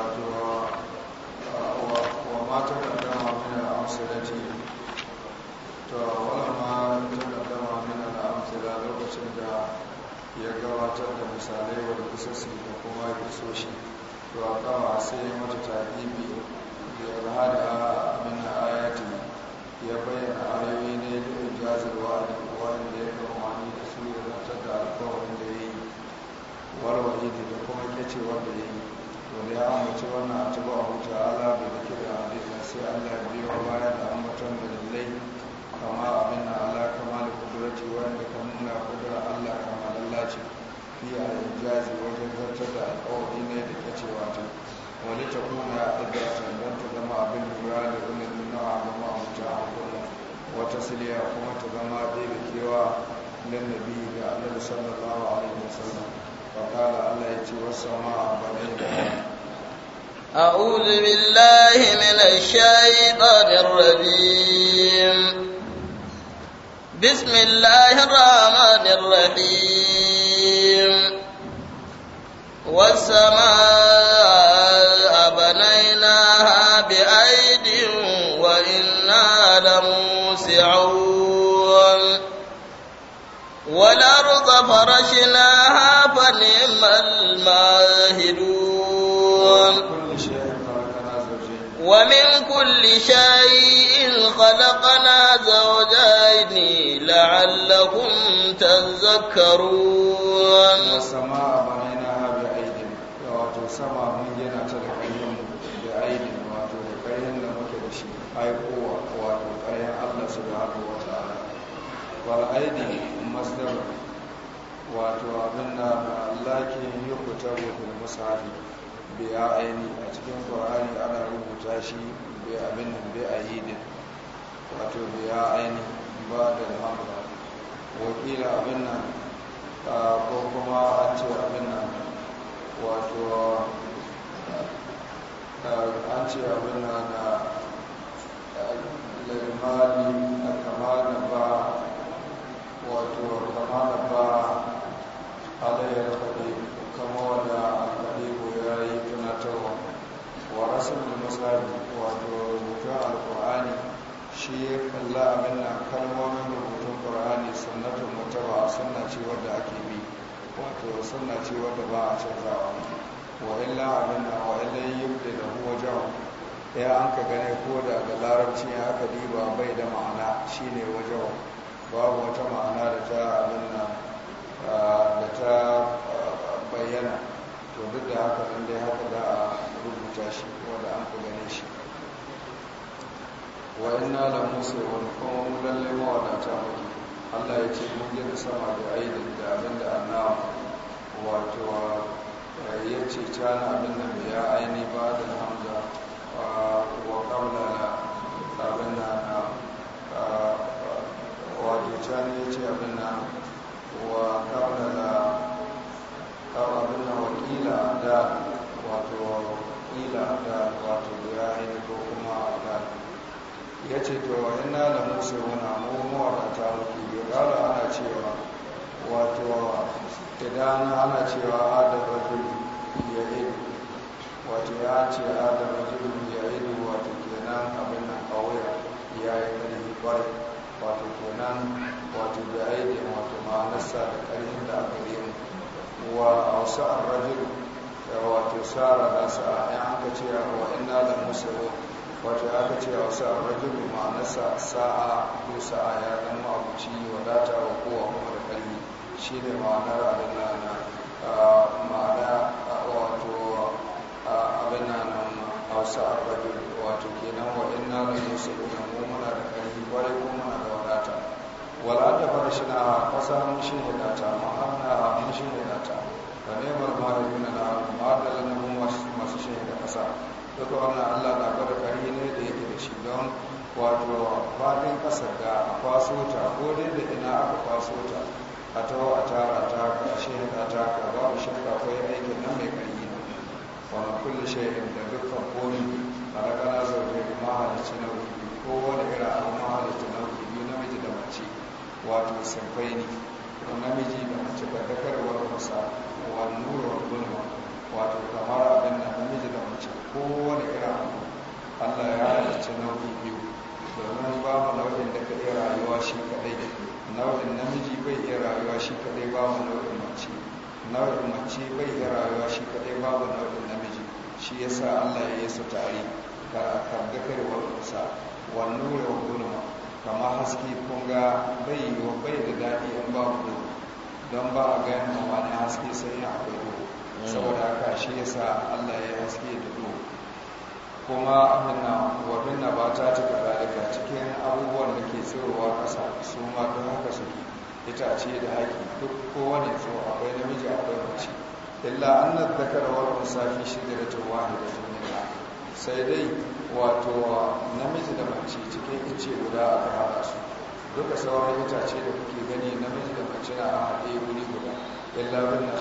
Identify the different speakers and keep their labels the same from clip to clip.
Speaker 1: wato ta mata kaddama min al'amsalati to ta kaddama min al'amsala lokacin da ya gabatar da misalai wa kisasi da kuma kisoshi to a kama sai mata ta'ibi ya hada min ayati ya bayyana ayoyi ne da jazirwa da wanda ya kama da su da zartar da alkawarin da ya yi warware da kuma kyace wanda ya yi to ya ambaci wannan a tuba a wuta ala da duke da hadisin sai allah biyo baya da ambaton da lallai kama abin na ala kama da kudurati wanda ka nuna kudura allah kama lallaci ni a injazi wajen zartar da alkawari ne da kacewa ta wani ta kuna ibratan don ta zama abin lura da wani nuna a gama huta a kullum wata siliya kuma ta zama ɗaya da kewa da ga a sallallahu alaihi wasallam فقال الله يتي والسماء بنيناها
Speaker 2: أعوذ بالله من الشيطان الرجيم بسم الله الرحمن الرحيم والسماء بنيناها بأيد وإنا لموسعون والأرض فرشناها فنعم الماهدون ومن كل شيء خلقنا زوجين لعلكم تذكرون والسماء بنيناها wato sama mun gina
Speaker 1: ta da wato da da masdar wato abin da lakin yi kuta rufin musafi biya aini a cikin ƙwararri ana rubuta shi bai abin a yi din wato biya aini ba da hamla wakila abin nan ko kuma an ce abin nan wato an ce abin nan na lalmali a kama da ba wato kama da ba halayyar kuɗi kama wanda alƙalibu ya yi tunatarwa wa wato rubutun shi ya na rubutun ƙur'ani bi wato a canzawa wa illa abin wa wajen eh, ya an ka gane ko da ga larabci ya aka diba bai da ma'ana shine wajen babu wata ma'ana da ta abin nan da ta bayyana to duk da haka nan dai haka za a rubuta shi wanda an ku gane shi wa da musu wani kuma mu lalle ta muke Allah ya ce mun gina sama da aidin da abin da annawa wato ya ce ta na abin da bai ya aini ba da hamza wa na abin da annawa wato cani ya ce abin na wa kawo da kawo abin na wakila da wato wakila da wato ya yi ko kuma da ya ce to ina da musu wani wana da ta muke biyu ƙara ana cewa wato idan ana cewa adaba zuri ya yi wato ya ce adaba zuri ya yi wato kenan abin na kawai ya yi ƙarfi kwarai wato kenan wato da aidin wato ma'anarsa da ƙarfin da aka yi wa ausa da wato sara da sa an aka ce wa inna da musulun wato aka ce ausa arrajul ma'anarsa sa'a ko sa'a ya zama abuci wadata wa kowa kuma da ƙarfi shi ne ma'anar abin na ma'ana wato abin na ausa arrajul wato kenan wa inna da musulun mu muna da ƙarfi kwarai kuma muna da wala da farashina kasa mun shi ne da ta ma'ana mun shi ne da ta ka nemar ma'aikuna na ma'adala na masu shi da kasa duka wannan allah na gwada kari ne da yake da shi don wato fadin kasar da a kwaso ta ko dai da ina aka kwaso ta a taho a tara ta ka shi da ta ka babu ko akwai aikin nan mai kari ne wani kulle shaidin da dukkan komi a rakana zaune mahalicci na wuri ko wani irin mahalicci na wuri namiji da mace wato sinfai ne ko namiji da mace ba da karwar kusa wa nuru gulma wato kamar abin da namiji da mace kowane irin abu Allah ya halicci nau'i biyu domin ba mu nau'in da ka iya rayuwa shi kadai nau'in namiji bai iya rayuwa shi kadai ba mu nau'in mace nau'in mace bai iya rayuwa shi kadai ba mu nau'in namiji shi yasa Allah ya yi su tare ka kaddakar wa kusa wa nuru gulma kama haske kunga bai wa bai da daɗi in ba ku don ba a gayan ma wani haske sai ya akwai ku saboda haka shi ya sa Allah ya haske da ku kuma abinna wabin na ba ta cika daga cikin abubuwan da ke tsirowa ƙasa su ma don haka suke ce da haƙi duk kowane tso akwai namiji akwai mace illa an na zakarwar musafi shi da ta wahida sai dai wato namiji da mace cikin ice guda aka haɗa su duka sauran itace da kuke gani namiji da mace na a haɗe wuri guda illa bin na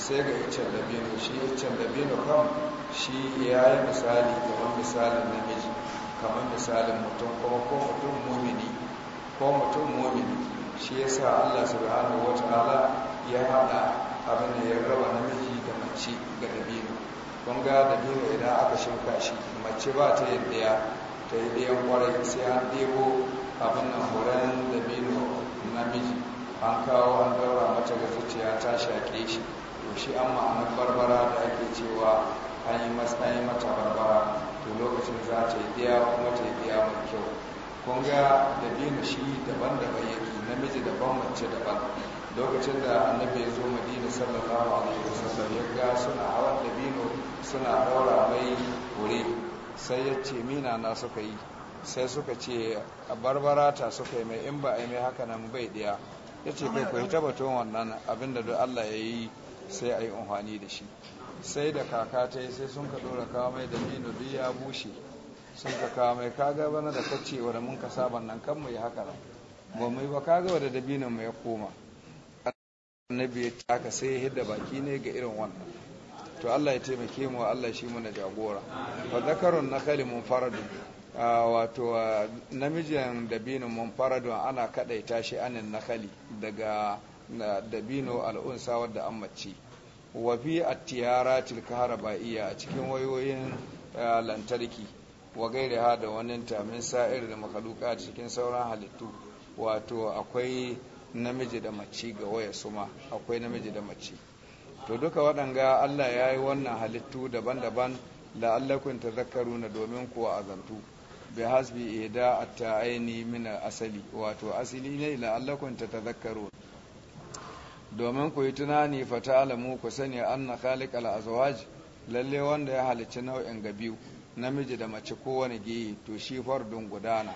Speaker 1: sai ga da dabino shi da dabino kam shi ya yi misali kamar misalin namiji kamar misalin mutum kuma ko mutum mumini ko mutum mumini shi ya sa allah subhanahu wa ta'ala ya haɗa abin da ya raba namiji da mace ga dabino kun ga da biyu idan aka shuka shi mace ba ta yin daya ta yi kwarai sai an ɗebo abin nan horon da na namiji an kawo an daura mata ga zuciya ta shaƙe shi to shi an ma'anar barbara da ake cewa an yi mata barbara to lokacin za ta yi daya kuma ta yi daya mai kyau kun ga shi daban-daban yake namiji daban mace daban lokacin da annabi ya zo madina sallallahu alaihi wasallam ya ga suna hawan dabino suna daura mai wuri sai ya ce mina na suka yi sai suka ce a barbara ta suka yi mai in ba a yi mai haka nan bai ɗaya ya ce kai kai ta batun wannan abin da Allah ya yi sai a yi amfani da shi sai da kaka ta yi sai sun ka ɗora kawo mai dabino duk ya bushe sun ka kawo mai ka ga bana da kacewa da mun ka saban nan kan mu yi haka nan ba mu yi ba kaga ga da dabinin mu ya koma na ya taka sai ya hidda baki ne ga irin wannan to Allah ya taimake mu Allah shi muna jagora fa zakarun nakali munfaradu wato namijin dabino munfaradu ana kadaita shi anin nakali daga dabino al'unsa wadda an mace wa fi at-tiyara a cikin wayoyin lantarki wa ha da wannan tamin sa'ir da makhluqa cikin sauran halittu wato akwai namiji da mace ga waya suma akwai namiji da mace to duka waɗanga Allah ya yi wannan halittu daban-daban la'allakun na domin kuwa azantu bi hasbi ida at-ta'aini mina asali wato asali ne la'allakun zakaru domin ku yi tunani fata alamu ku sani an na khalik al'azawaj lalle wanda ya halicci nau'in ga biyu namiji da mace kowane gehe to shi fardun gudana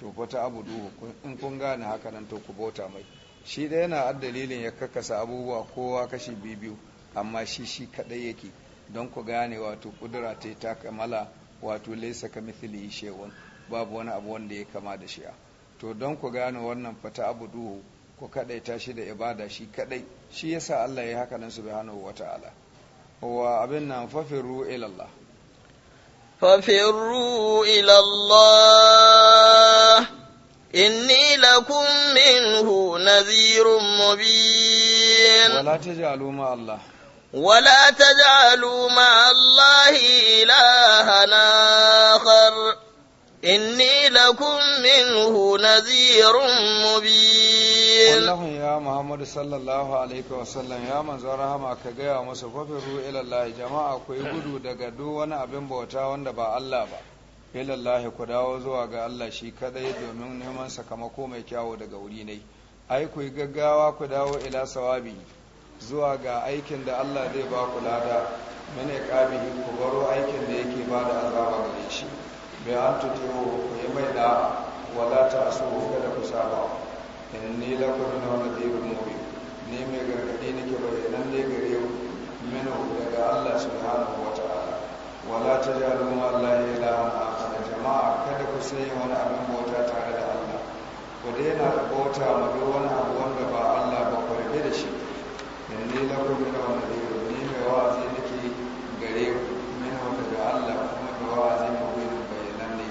Speaker 1: to fata abudu in kun gane haka nan to ku bauta mai shi da yana a dalilin ya kakasa abubuwa kowa kashi biyu amma shi shi kadai yake don ku gane wato kudura ta ta kamala wato laisa ka mithili shewun babu wani abu wanda ya kama da shi to don ku gane wannan fata abu duhu ku ta shi da ibada shi kadai shi yasa Allah ya haka nan subhanahu wata'ala wa abin nan fafiru ila
Speaker 2: Allah inni lakum minhu nadhirun mubin wala taj'alu ma Allah ولا تجعلوا مع الله إلها آخر إني لكم منه نذير مبين والله يا محمد صلى الله عليه
Speaker 1: وسلم يا من زرها ما كجيا مصففه إلى الله جماعة كوي gudu daga duk wani abin bauta wanda ba Allah ba ilallahi ku dawo zuwa ga Allah shi kadai domin neman sakamako mai kyawo daga wuri ne ai ku gaggawa ku dawo ila sawabi zuwa ga aikin da Allah zai ba ku lada mene qabihi ku baro aikin da yake ba da azaba gare shi bai an tutewo ku yi mai da wala su so da ku saba inni na min nadhirun mubin Ne mai gargadi nake bayanan ne gare mino daga Allah hana wata. wala ta jaru ma Allah ya la akhar jama'a kada ku sanya wani abin bauta tare da Allah ku na bauta ma duk wani abu wanda ba Allah ba ku rabe da shi inni lakum min nadhir ni mai wa'azi nake gare ku min da Allah kuma da zai mu bin bayanan ne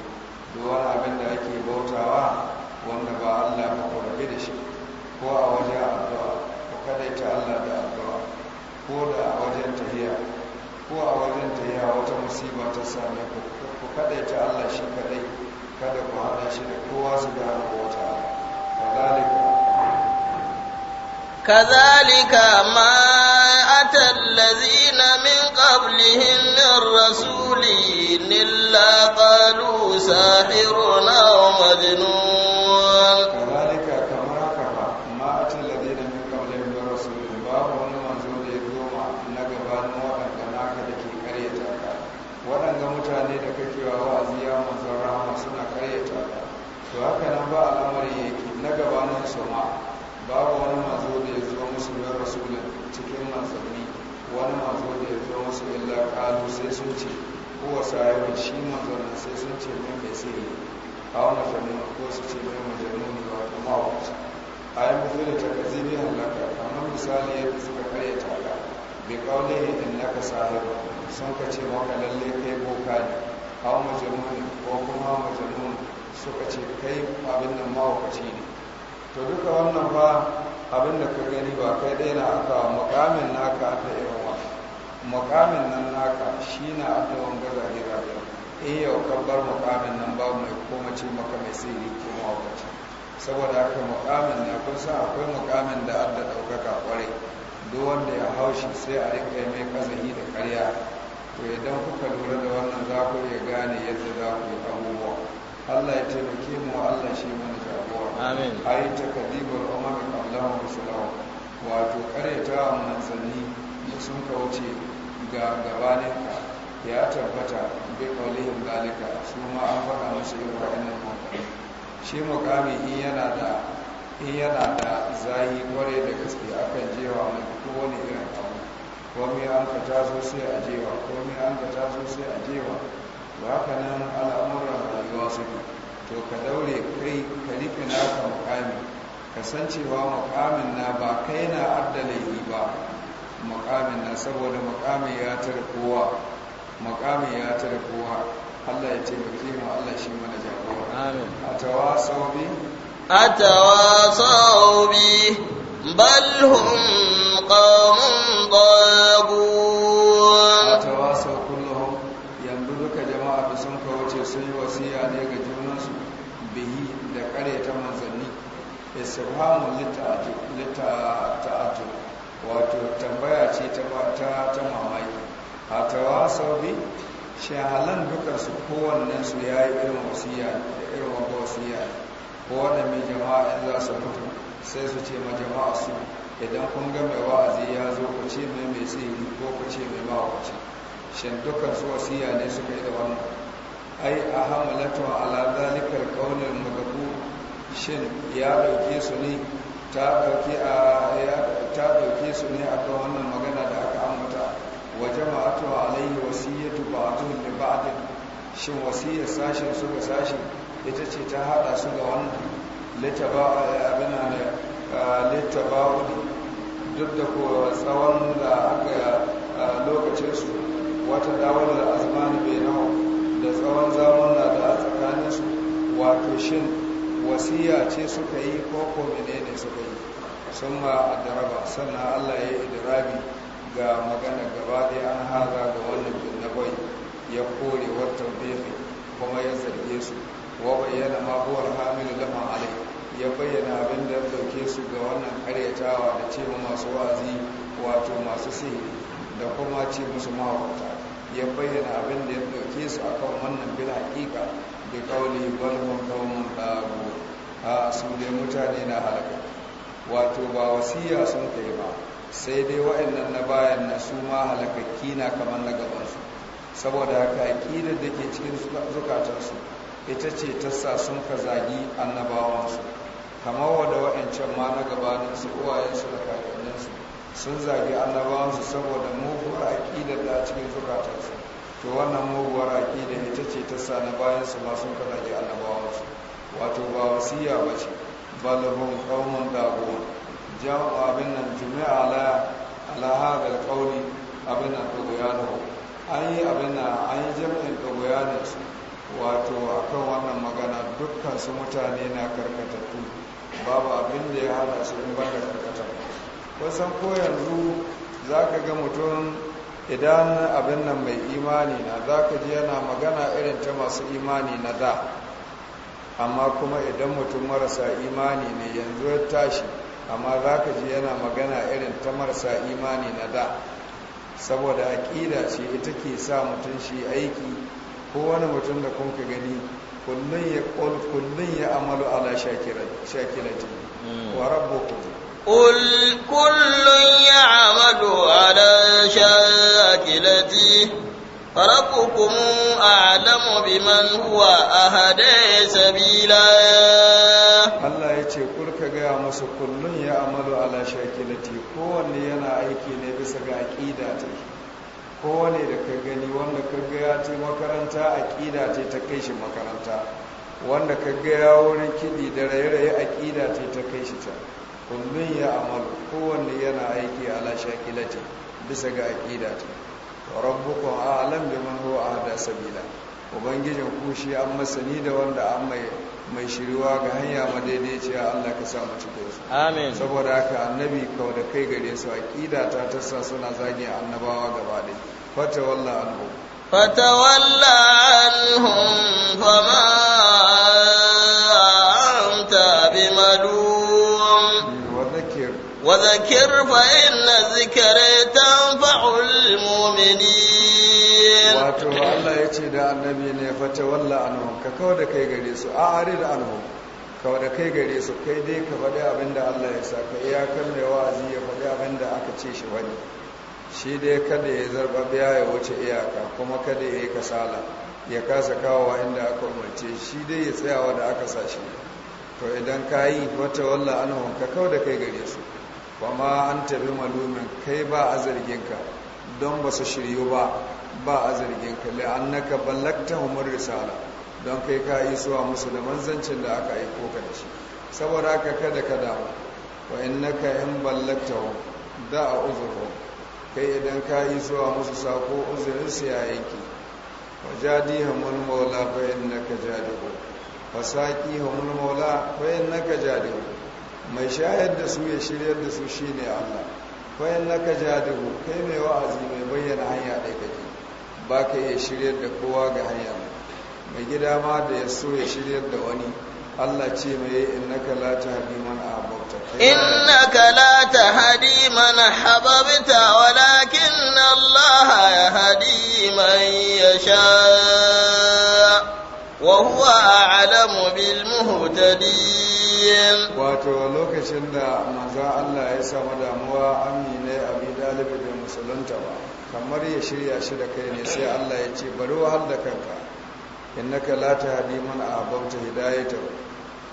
Speaker 1: duk wani abin da ake bautawa wanda ba Allah ba ku rabe da shi ko a wajen addu'a ku ita Allah da addu'a ko da a wajen tafiya ko a wajen ta yawa wata musiba ta same ku ku kadaita Allah shi kadai kada ku hada shi da kowa su ga
Speaker 2: Allah wata kadalika kadalika ma ata allazina min qablihim min rasulin illa qalu sahirun wa majnun
Speaker 1: to haka nan ba al'amari yake na gabanin su Ba babu wani mazo da ya zo musu na rasulun cikin manzanni wani mazo da ya zo musu illa kalu sai sun ce kowa sahibin shi manzannin sai sun ce min mai sirri a wani fannin ko su ce min ne ba kuma wata a yi mutu da ne halaka kamar misali yadda suka karya taka bai kaune in naka sahib sun ka ce maka lalle kai boka ne a wani majanuni ko kuma majanuni suka ce kai abin nan mawakaci ne to duka wannan ba abin da ka gani ba kai ɗaya na aka makamin naka aka irin wa makamin nan naka shi na aka gaza zage zage in eh, yau kabbar makamin nan ba mai koma ce maka mai sirri ke mawakaci saboda haka makamin na kun san akwai makamin da adda ɗaukaka kwarai duk wanda ya haushi sai a rinka mai kazahi da karya to idan kuka lura da wannan za ku iya gane yadda za ku yi abubuwa Allah ya taimake mu Allah shi mana jagora amin ayi takadibar umar Allahu sallahu wato wannan sanni da sun kauce ga gabanin ka ya tabbata bi qawlihi zalika su ma an faɗa musu irin wa'annan mutane shi mukami in yana da in yana da zahi kware da gaske akan jewa mai wani irin abu mai an ka taso sai a jewa mai an ka taso sai a jewa ba ka nan al'amuran rayuwa suke to ka daure kai ka rike naka mukami kasancewa mukamin na ba kai na addalai ba mukamin na saboda mukamin ya tara kowa mukamin ya tara kowa Allah ya taimake mu Allah shi mana jagora amin atawasau bi
Speaker 2: atawasau bi bal hum qawmun
Speaker 1: sun yi wasiya ne ga junansu bihi da karyata manzanni istifhamun litta'atu wato tambaya ce ta ta mamaki a tawasau bi shahalan dukansu kowanne su ya yi irin wasiya da irin wanda wasiya kowanne mai jama'a in za su fito sai su ce ma jama'a su idan kun ga mai wa'azi ya zo ku ce mai mai tsiri ko ku ce mai ma'aikaci shin dukansu wasiya ne suka yi da wannan ai a hamalatu ala zalikal qawlil madabu shin ya dauke su ne ta dauke a ta dauke su ne akan wannan magana da aka ambata wa jama'atu alaihi wasiyatu ba'dhum li ba'd shin wasiyar sashin su ga sashin ita ce ta hada su ga wannan litaba abin nan litaba duk da ko tsawon da zaman-zaman zamuna da a tsakaninsu wato shin wasiya ce suka yi ko ko menene suka yi sun ma adaraba sannan allah ya yi idirabi ga magana gaba ya an haza ga wannan binnabai ya kore wata bebe kuma ya zarge su wa bayyana mahuwar hamilu lamar alai ya bayyana abin da ya dauke su ga wannan karyatawa da ce masu wazi wato masu sihiri da kuma ce musu mahaukata ya bayyana abin da ya ɗauke su a kan wannan bil haƙiƙa da ƙauli walhun kaumun ɗago a su dai mutane na halaka wato ba wasiya sun kai ba sai dai wa'annan na bayan na su ma halakakki na kamar na gabansu saboda haka aƙidar da ke cikin zukatansu ita ce tasa sun ka zagi annabawansu kamar wadda wa'ancan ma na su uwayensu da kakanninsu sun zagi annabawansu saboda muguwar aƙidar da a cikin zukatansu to wannan muguwar aƙida ita ce ta sa na bayansu ma sun ka zagi annabawansu wato ba wasiya ba ce balahun ƙaunar dago Jan abin nan jumi'a la alhagar ƙauni abin nan ɗagoyanahu an yi abin nan an yi jami'in ɗagoyanarsu wato akan wannan magana dukkan su mutane na karkatattu babu abin da ya hada su in ba da karkatattu kusan ko yanzu za ka ga mutum idan abin nan mai imani na za ka ji yana magana irin ta masu imani na da amma kuma idan mutum marasa imani ne yanzu ya tashi amma za ka ji yana magana irin ta marasa imani na da saboda aƙida ce ita ke sa mutum shi aiki ko wani mutum da kun gani kullun ya hmm. qul kullun ya amalu ala
Speaker 2: shakirati wa rabbukum قل كل يعمل على شاكلته فربكم أعلم بمن هو أهدى سبيلا
Speaker 1: Allah ya ce kurka gaya masu kullum ya amalu ala shakilati kowanne yana aiki ne bisa ga aƙida ta kowane da ka gani wanda ka gaya ce makaranta aƙida ce ta kai shi makaranta wanda ka gaya wurin kiɗi da raye-raye aƙida ce ta kai shi ta kullum ya amal kowanne yana aiki a ala ce bisa ga aƙida ta rabbukun a'lam biman huwa hada sabila ubangijin ku shi an masani da wanda an mai mai shiriwa ga hanya madaidaiciya Allah ka samu cikin su amin saboda haka annabi kawai da kai gare su aqida ta tassa suna zagi annabawa gaba da fata walla anhu fata
Speaker 2: walla anhum fama وذكر فإن الذكر تنفع المؤمنين واتو الله
Speaker 1: يتي دا النبي ne fata walla anhum ka kawo da kai gare su a arid anhum kawo da kai gare su kai dai ka faɗi abinda Allah ya saka iyakar mai wa'azi ya faɗi abinda aka ce shi wani shi dai kada ya zarba biya ya wuce iyaka kuma kada ya yi kasala ya kasa kawowa inda aka umarce shi dai ya tsayawa da aka sa shi to idan ka yi wata walla anhum ka kawo da kai gare su ba ma an tabi malumin kai ba a zarginka don ba su shiryu ba ba a zarginka naka ballakta umar risala don kai ka isuwa musu da manzancin da aka aiko ka da shi saboda haka kada ka damu wa in naka in ballakta da a uzuru kai idan ka isuwa musu sako uzurinsu ya yanki wa jadi wani maula bayan naka jadihu fasaki hamul maula bayan naka jadihu mai shayar da su ya shiryar da su shi ne Allah ka ja da kai mai wa'azi mai bayyana hanya ɗaya kake ba ka iya shiryar da kowa ga hanya mai gida ma da ya so ya shiryar da wani Allah ce mai in innaka la tahdi man ahbabta innaka
Speaker 2: la tahdi mana hababta, walakin Allah yahdi man yasha وهو أعلم بالمهتدين wato lokacin da manza Allah ya samu damuwa amine
Speaker 1: abi dalibi bai musulunta ba kamar ya shirya shi da kai ne sai Allah ya ce bari wahal da kanka innaka la tahdi man ahbabta hidayata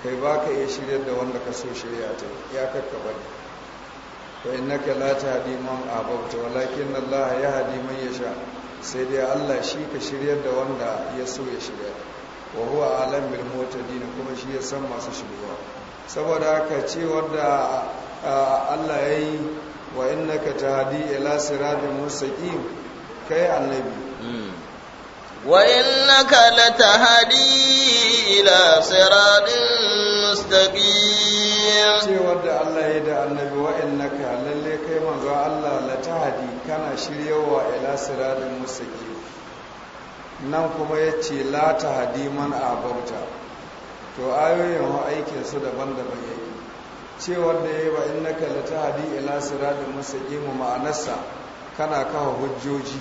Speaker 1: kai baka iya shiryar da wanda ka so shirya ta ya karka bari to innaka la tahdi man ahbabta walakin Allah yahdi man yasha sai dai Allah shi ka shiryar da wanda ya so ya shirya wa huwa alam bil mutadin kuma shi ya san masu shigowa saboda haka ce wanda Allah ya yi wa innaka tahdi ila siratin mustaqim kai annabi
Speaker 3: hmm.
Speaker 2: wa innaka latahdi ila siratin mustaqim ce wanda Allah ya da annabi wa innaka lalle kai manzo
Speaker 1: Allah latahdi kana shiryawa ila siratin mustaqim nan kuma ya ce lata hadiman a to ayoyin wa aikin su daban-daban ya yi cewar da ya yi ba in na kalli ta hadi ila siradin musaqimu ma'anarsa kana kawo hujjoji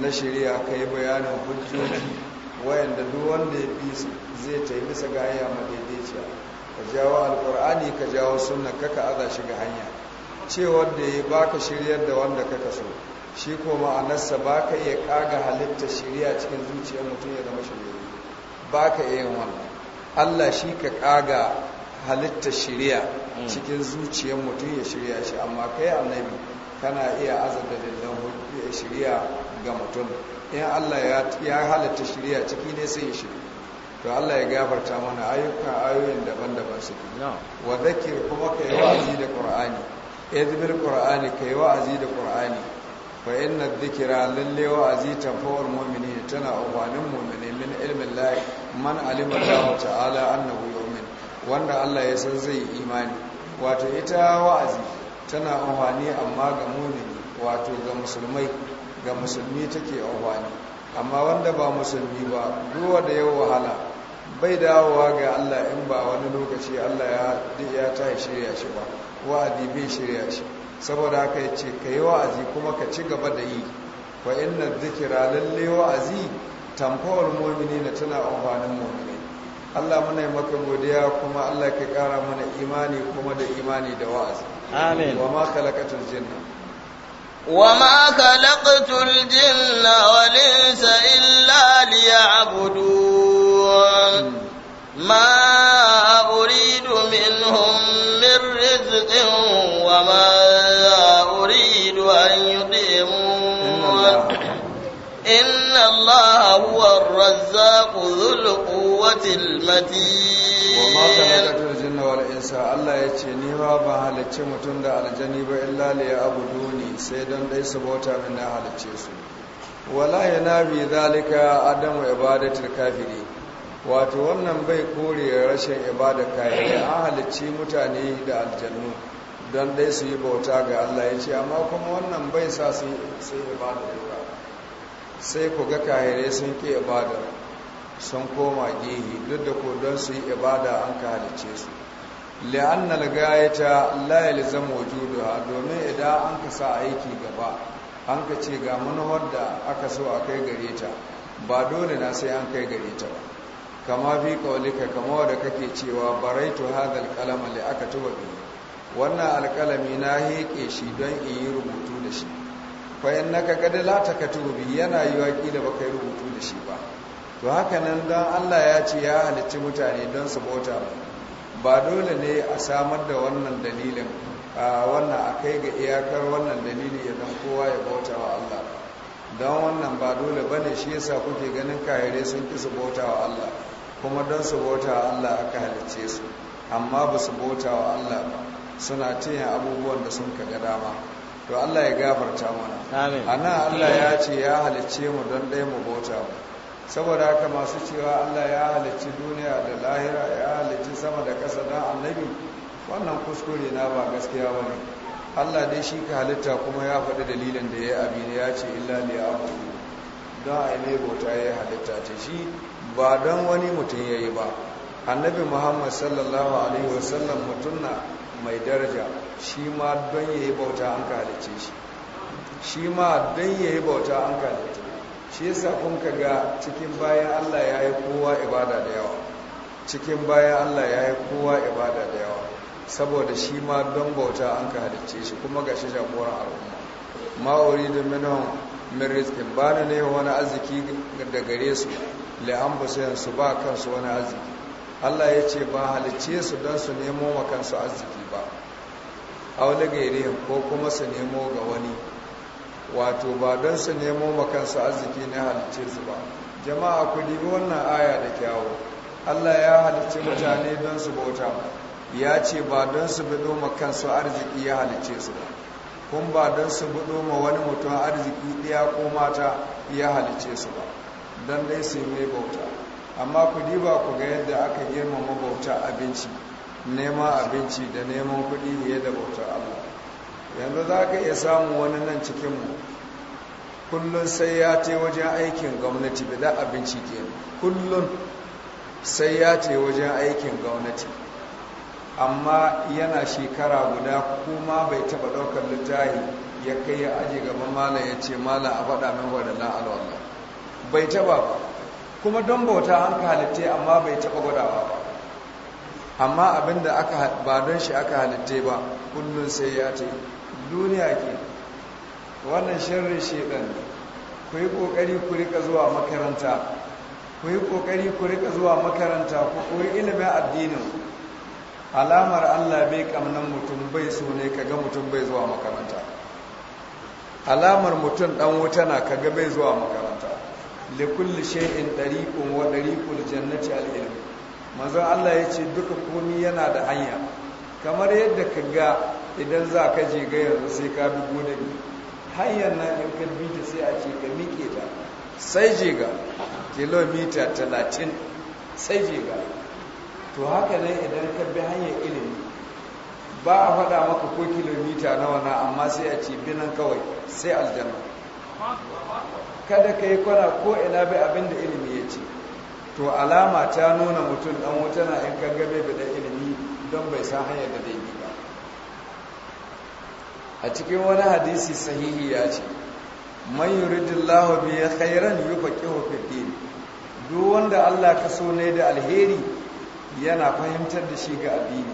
Speaker 1: na shari'a yi bayanin hujjoji wayanda duk wanda ya bi zai ta yi bisa ga hanya madaidaiciya ka jawo alkur'ani ka jawo sunna kaka aza shi ga hanya cewar da ya baka shiryar da wanda kaka so shi ko ma'anarsa ba ka iya kaga halitta shirya cikin zuciyar mutum ya zama shirya ba ka iya yin wannan allah shi ka kaga halitta shirya cikin zuciyar mutum ya shirya shi amma kai annabi kana iya azaba ya shirya ga mutum in allah ya halitta shirya ciki ne sai ya shirya to Allah ya gafarta mana ayyukan ayoyin daban-daban suke wa zakir kuma yi wa'azi da qur'ani idh bil ka yi wa'azi da qur'ani fa inna dhikra lalle wa'azi tafawul mu'minin tana ubanin mu'minin min ilmin lahi man alima Allah ta'ala annahu yu'min wanda Allah ya san zai imani wato ita wa'azi tana umbani amma ga mu'mini wato ga musulmai ga musulmi take umbani amma wanda ba musulmi ba duwa da yau wahala bai dawowa ga Allah in ba wani lokaci Allah ya ya ta shirya shi ba wa'azi bai shirya shi saboda haka ya ce ka yi wa'azi kuma ka ci gaba da yi wa inna zikira lalle wa'azi tamfawar momini na tana amfanin momini Allah muna yi maka godiya kuma Allah ka kara mana imani kuma da imani da wa'azi amin wa ma khalaqatul jinna wa ma
Speaker 2: khalaqatul jinna wal insa illa liya'budun hmm. ma uridu minhum رزق وما أريد أن يطعمون إن الله هو الرزاق ذو القوة المتين وما خلقت
Speaker 1: الجن والإنس الله يتشيني وابا هلتشي متند على جنيب إلا لي ليعبدوني سيدا ليس بوتا من هلتشي ولا ينافي ذلك عدم عبادة الكافرين wato wannan bai kore rashin ibada kayan an halicci mutane da aljannu don dai su yi bauta ga Allah ya ce amma kuma wannan bai sa su yi ibada yawa. sai ku ga kayan sun ke ibada sun koma gehi duk da ku don su yi ibada an ka halicce su li'anna al-gayata la wujuduha domin idan an ka sa aiki gaba an ka ce ga manuwar da aka so a kai gare ta ba dole na sai an kai gare ta
Speaker 3: ba kama fi kawalika kama da kake cewa baraitu hadal kalama li aka tuba bi wannan alkalami na heƙe shi don in yi rubutu
Speaker 1: da shi na innaka kad la tuba bi yana waƙi da baka yi rubutu da shi ba to haka nan don Allah ya ce ya halicci mutane don su bauta ba Ba dole ne a samar da wannan dalilin a wannan a kai ga iyakar wannan dalili ya zan kowa ya bauta wa Allah don wannan ba dole bane shi yasa kuke ganin kayare sun kisa bauta wa Allah kuma don su bauta wa Allah aka halicce su amma ba su bauta wa Allah ba suna cinye abubuwan da sun kaga dama to Allah ya gafarta mana a nan Allah ya ce ya halicce mu don ɗaya mu bauta ba saboda haka masu cewa Allah ya halicci duniya da lahira ya halicci sama da ƙasa don annabi wannan kuskure na ba gaskiya ba ne Allah dai shi ka halitta kuma ya faɗi dalilin da ya yi abin ya ce illa liya abu don a yi bauta ya halitta ta shi ba don wani mutum ya yi ba annabi muhammad sallallahu alaihi wasallam mutum na mai daraja shi ma don ya yi bauta an kalice shi shi ma don ya yi bauta an kalice shi yasa kun ga cikin bayan allah ya yi kowa ibada da yawa cikin bayan allah ya yi kowa ibada da yawa saboda shi ma don bauta an kalice shi kuma ga shi jagoran al'umma ma'auri da minon min rizkin ba na ne wani arziki da gare su la'an basayan su ba kansu wani arziki Allah ya ce ba halicce su don su nemo ma kansu arziki ba aula gairiyan ko kuma su nemo ga wani wato ba don su nemo ma kansu arziki na halicce su ba jama'a ku dibi wannan aya da kyawu Allah ya halicce mutane don su bauta ya ce ba don su bido ma kansu arziki ya halicce su ba kun ba don su bido ma wani mutum arziki ɗaya ko mata ya halice su ba don dai su yi bauta amma ku diba ku ga yadda aka girmama bauta abinci neman abinci da neman kuɗi fiye da bauta allah yanzu za ka iya samun wani nan cikinmu kullum sai ya ce wajen aikin gwamnati da abinci ke kullum sai ya ce wajen aikin gwamnati amma yana shekara guda kuma bai taba daukar littahi ya kai ya aji gaban malam ya ce malam a faɗa min wadannan alwallah bai taba ba kuma don bauta an ka halitte amma bai taba gwadawa ba amma abinda aka ba don shi aka halitte ba kullun sai ya ce duniya ke wannan sharri shedan ku yi kokari ku rika zuwa makaranta ku yi kokari ku rika zuwa makaranta ku koyi ilimin addinin alamar Allah bai kamnan mutum bai so ne kaga mutum bai zuwa makaranta alamar mutum ɗan wuta na kaga bai zuwa makaranta likulli shay'in dariqun wa dariqul jannati al-ilm manzo Allah ya ce duka komi yana da hanya kamar yadda ka ga idan za ka je ga yanzu sai ka bi gonabi hanyar na in ka bi ta sai a ce ka miƙe ta sai je ga kilomita talatin sai je ga to haka ne idan ka bi hanyar ilimi ba a faɗa maka ko kilomita nawa na amma sai a ce binan kawai sai aljanna kada ka yi kwana ko ina bai abin da ilimi ya ce to alama ta nuna mutum dan wuta na in kaga bai dan ilimi don bai san hanyar da zai bi ba a cikin wani hadisi sahihi ya ce man yuridillahu bi khairan yufaqihu fi din duk wanda Allah ka so ne da alheri yana fahimtar da shi ga addini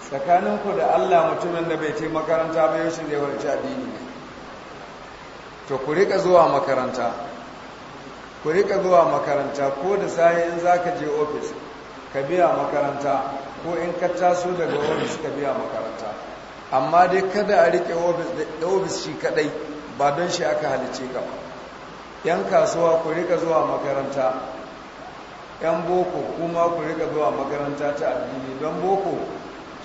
Speaker 1: tsakaninku da Allah mutumin da bai taimaka makaranta ba yau shi zai addini ne to ku rika zuwa makaranta ku rika zuwa makaranta ko da sahi in za ka je ofis ka biya makaranta ko in ka taso daga ofis ka biya makaranta amma dai kada a rike ofis shi kadai ba don shi aka halice ka yan kasuwa ku rika zuwa makaranta yan boko kuma ku rika zuwa makaranta ta addini don boko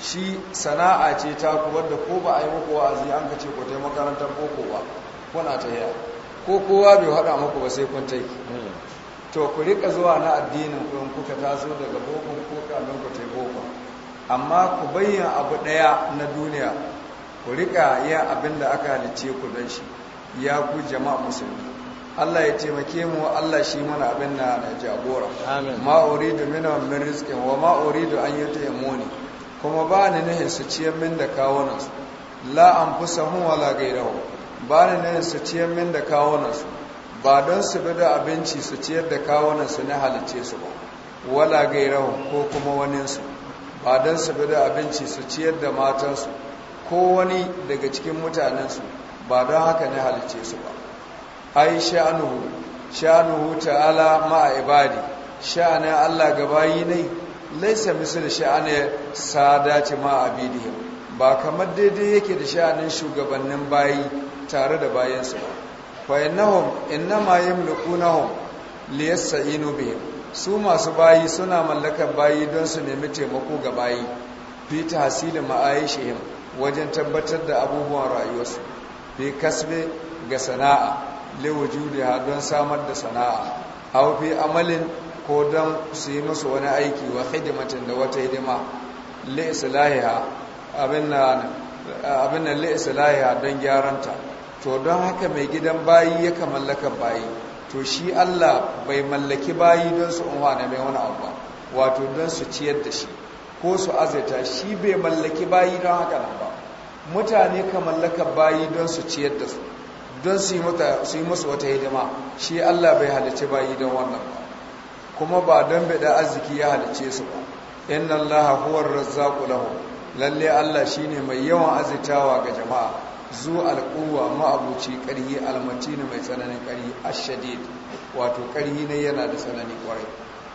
Speaker 1: shi sana'a ce ta ku wadda ko ba a yi muku wa'azi an ka ce ku makarantar boko ba kuna ta yi ko kowa bai haɗa muku ba sai kun ta yi hmm. to ku rika zuwa na addinin ku kuka taso daga bokon ko kamin ku ta amma ku bayyana abu ɗaya na duniya ku rika yin abin da aka halice ku don shi ya ku jama'a musulmi Allah ya taimake mu Allah shi mana abin na na jagora ma uridu mina min rizqin wa ma uridu an yut'imuni kuma ba ni nahin su ciyar min da kawunan la anfusahum wala ghayrahum ba ne ne su ciyar min da kawunansu ba don su bi da abinci su ciyar da kawunansu na halice su ba wala gairahu ko kuma waninsu ba don su bi da abinci su ciyar da matansu ko wani daga cikin mutanensu ba don haka na halice su ba ai sha'anuhu sha'anuhu ta'ala ma'a ibadi sha'anin Allah gabayi ne laisa misali sha'anin sadaci ma'a abidihim ba kamar daidai yake da sha'anin shugabannin bayi tare da bayansu ba fa innahum innama yamlikunahum liyassa inube su masu bayi suna mallakar bayi don su nemi taimako ga bayi fi tahsilin ma'ayishihim wajen tabbatar da abubuwan rayuwarsu fi kasbe ga sana'a ha don samar da sana'a hau fi amalin ko don su yi musu wani aiki wa hidimatin da wata hidima su lahiya abin nan la'isalaya don gyaranta to don haka mai gidan bayi ya mallaka bayi to shi Allah bai mallaki bayi don su unwa na mai wani abu wato don su ciyar da shi ko su azaita shi bai mallaki bayi don haka nan ba mutane ka mallaka bayi don su ciyar da su don su yi musu wata hidima shi Allah bai halice bayi don wannan ba kuma ba don bada arziki ya halice su ba inna Allah huwar razzaqu lahum lalle Allah shine mai yawan azitawa ga jama'a zu alquwa ma'abuci ƙarhi ne mai tsananin ƙarhi ashadid wato ƙarhi ne yana da tsanani kwarai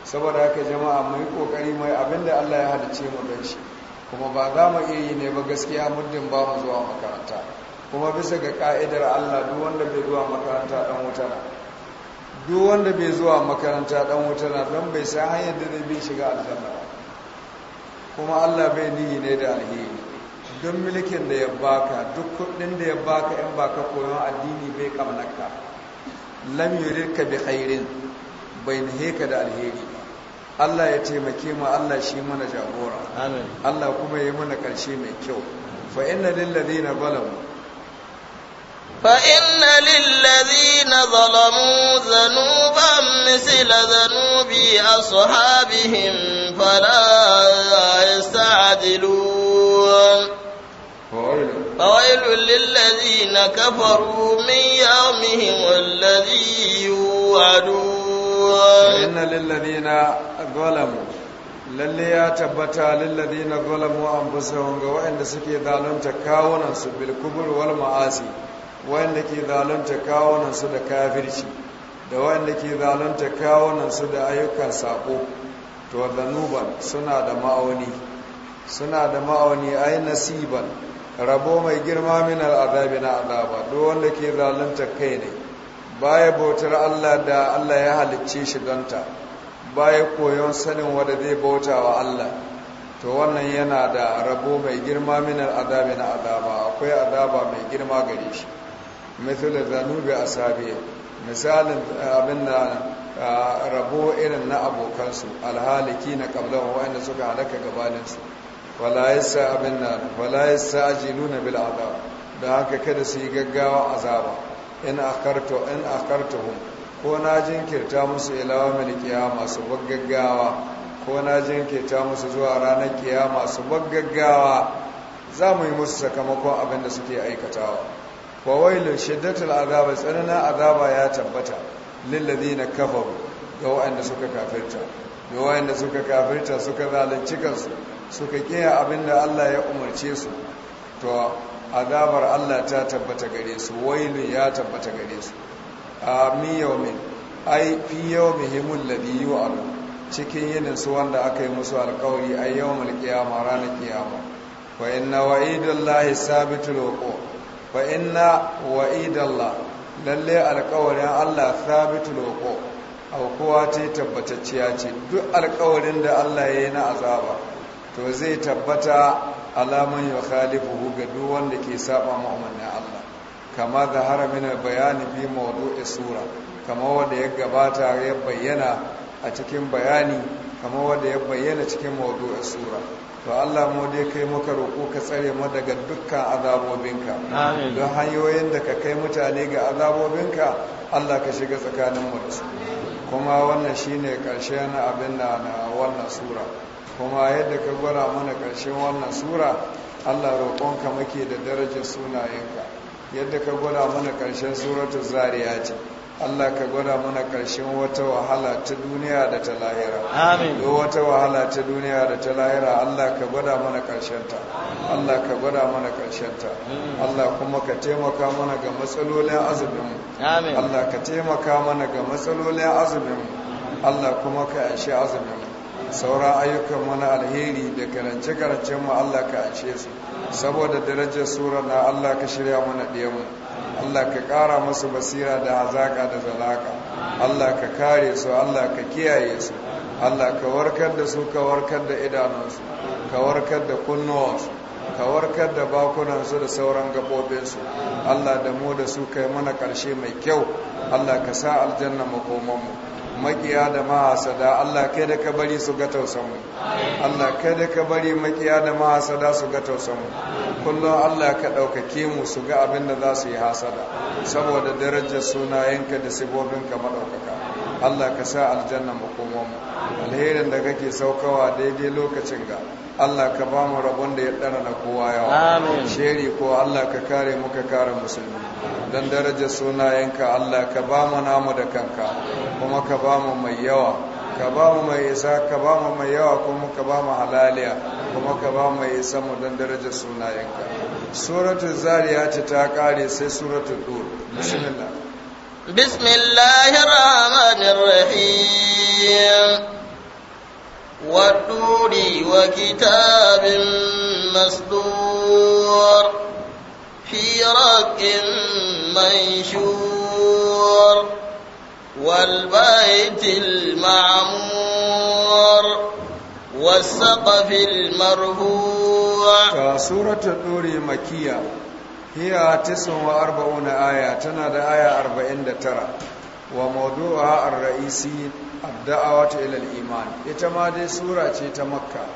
Speaker 1: saboda haka jama'a mu yi kokari mai da Allah ya halice mu don shi kuma ba za mu iya yi ne ba gaskiya muddin ba mu zuwa makaranta kuma bisa ga ƙa'idar Allah duk wanda bai zuwa makaranta ɗan wuta na don bai san hanyar da zai bi shiga aljanna kuma Allah bai niyi ne da alheri don milikin da ya baka duk kudin da ya baka in baka koyon addini bai kamnaka lam yuridka bi khairin bai nihe da alheri Allah ya taimake mu Allah shi mana jagora Allah kuma ya yi mana karshe mai kyau fa inna lil ladina zalamu
Speaker 2: fa inna lil ladina zalamu zanuban misla zanubi ashabihim fala فويل للذين كفروا من يومهم الذي يوعدون
Speaker 1: إن للذين ظلموا lalle ya tabbata lillazi na zalamu an fusahun ga waɗanda suke zalunta kawunansu bilkubur wal ma'asi waɗanda ke zalunta kawunansu da kafirci da waɗanda ke zalunta kawunansu da ayyukan saƙo to zanuban suna da ma'auni suna da ma'auni ai nasiban rabo mai girma min al'adabi na azaba duk wanda ke zalunta kai ne baya bautar Allah da Allah ya halicce shi donta baya koyon sanin wadda zai bauta wa Allah to wannan yana da rabo mai girma min al'adabi na azaba akwai azaba mai girma gare shi misali zanubi sabi misalin abin da rabo irin na abokansu alhaliki na kablon wa'anda suka halaka gabaninsu wala yasa abin nan wala yasa ajiluna bil azab da haka kada su yi gaggawa azaba in akarto in akartuhum ko na jinkirta musu ilawa mil kiyama su gaggawa ko na jinkirta musu zuwa ranar kiyama su gaggawa za mu yi musu sakamakon abin da suke aikatawa wa wailun shiddatul azaba tsananin azaba ya tabbata na kafaru ga wanda suka kafirta ga wanda suka kafirta suka zalunci kansu suka kiya da Allah ya umarce su to azabar Allah ta tabbata gare su Wailu ya tabbata gare su amin yawmin ai fi yawmihimul ladhi yu'adu cikin yinin su wanda aka yi musu alkawari ai yawmul qiyamah ranar qiyama wa inna wa'idallahi sabitul wuqu wa inna wa'idallah lalle alkawarin Allah sabitul wuqu aukuwa ce tabbatacciya ce duk alkawarin da Allah ya yi na azaba to zai tabbata alaman ya khalifu ga duk wanda ke saba ma'amannin Allah
Speaker 3: kama da haramina bayani fi mawdu'i sura kama wanda ya gabata ya bayyana
Speaker 1: a cikin bayani kama wanda ya bayyana cikin mawdu'i sura to Allah mu dai kai muka roƙo ka tsare mu daga dukkan azabobinka don hanyoyin da ka kai mutane ga azabobinka Allah ka shiga tsakanin mu kuma wannan shine ƙarshen abin na wannan sura kuma yadda ka gwara mana ƙarshen wannan sura allah roƙonka muke da darajar sunayenka yadda ka gwada mana ƙarshen suratu zariya ce Allah ka gwada mana ƙarshen wata wahala ta duniya da ta lahira amin do wata wahala ta duniya da ta lahira Allah ka gwada mana ƙarshen ta Allah ka gwada mana ƙarshen ta Allah kuma ka taimaka mana ga matsalolin azumin mu amin Allah ka taimaka mana ga matsalolin azumin mu Allah kuma ka yashe azumin mu sauran ayyukan mana alheri da karance karancen mu Allah ka ace su saboda darajar sura na Allah ka shirya mana ɗiyanmu Allah ka ƙara musu basira da hazaka da zalaka Allah ka kare su Allah ka kiyaye su Allah ka warkar da su ka warkar da idanunsu ka warkar da kunnuwansu ka warkar da bakunansu da sauran gabobinsu Allah da mu da su kai mana ƙarshe mai kyau Allah ka sa aljanna makomanmu makiya da mahasada Allah kai da ka bari su ga tausanmu Allah kai da ka bari makiya da mahasada su ga tausanmu kullum Allah ka ɗaukake mu su ga abin da za su yi hasada saboda darajar sunayenka da sibobinka maɗaukaka Allah ka sa aljanna mu. alherin da kake saukawa daidai lokacin ga Allah ka ba mu rabon da ya dara na kowa yawa sheri ko Allah ka kare muka kare musulmi dan darajar sunayenka Allah ka ba mu namu da kanka kuma ka ba mu mai yawa ka ba mu mai isa ka ba mu mai yawa kuma ka ba mu halaliya kuma ka ba mu mai isa mu don darajar sunayenka suratul zariyat ta kare sai suratul dur bismillah
Speaker 2: بسم الله الرحمن الرحيم والطور وكتاب مسطور في رق منشور والبيت المعمور والسقف المرفوع كسورة
Speaker 1: الطور مكية
Speaker 2: hiya tisun wa arba'una
Speaker 1: aya tana da aya arba'in da tara wa mawdu'a ar-ra'isi ad-da'awatu ila iman ita ma dai sura ce ta makka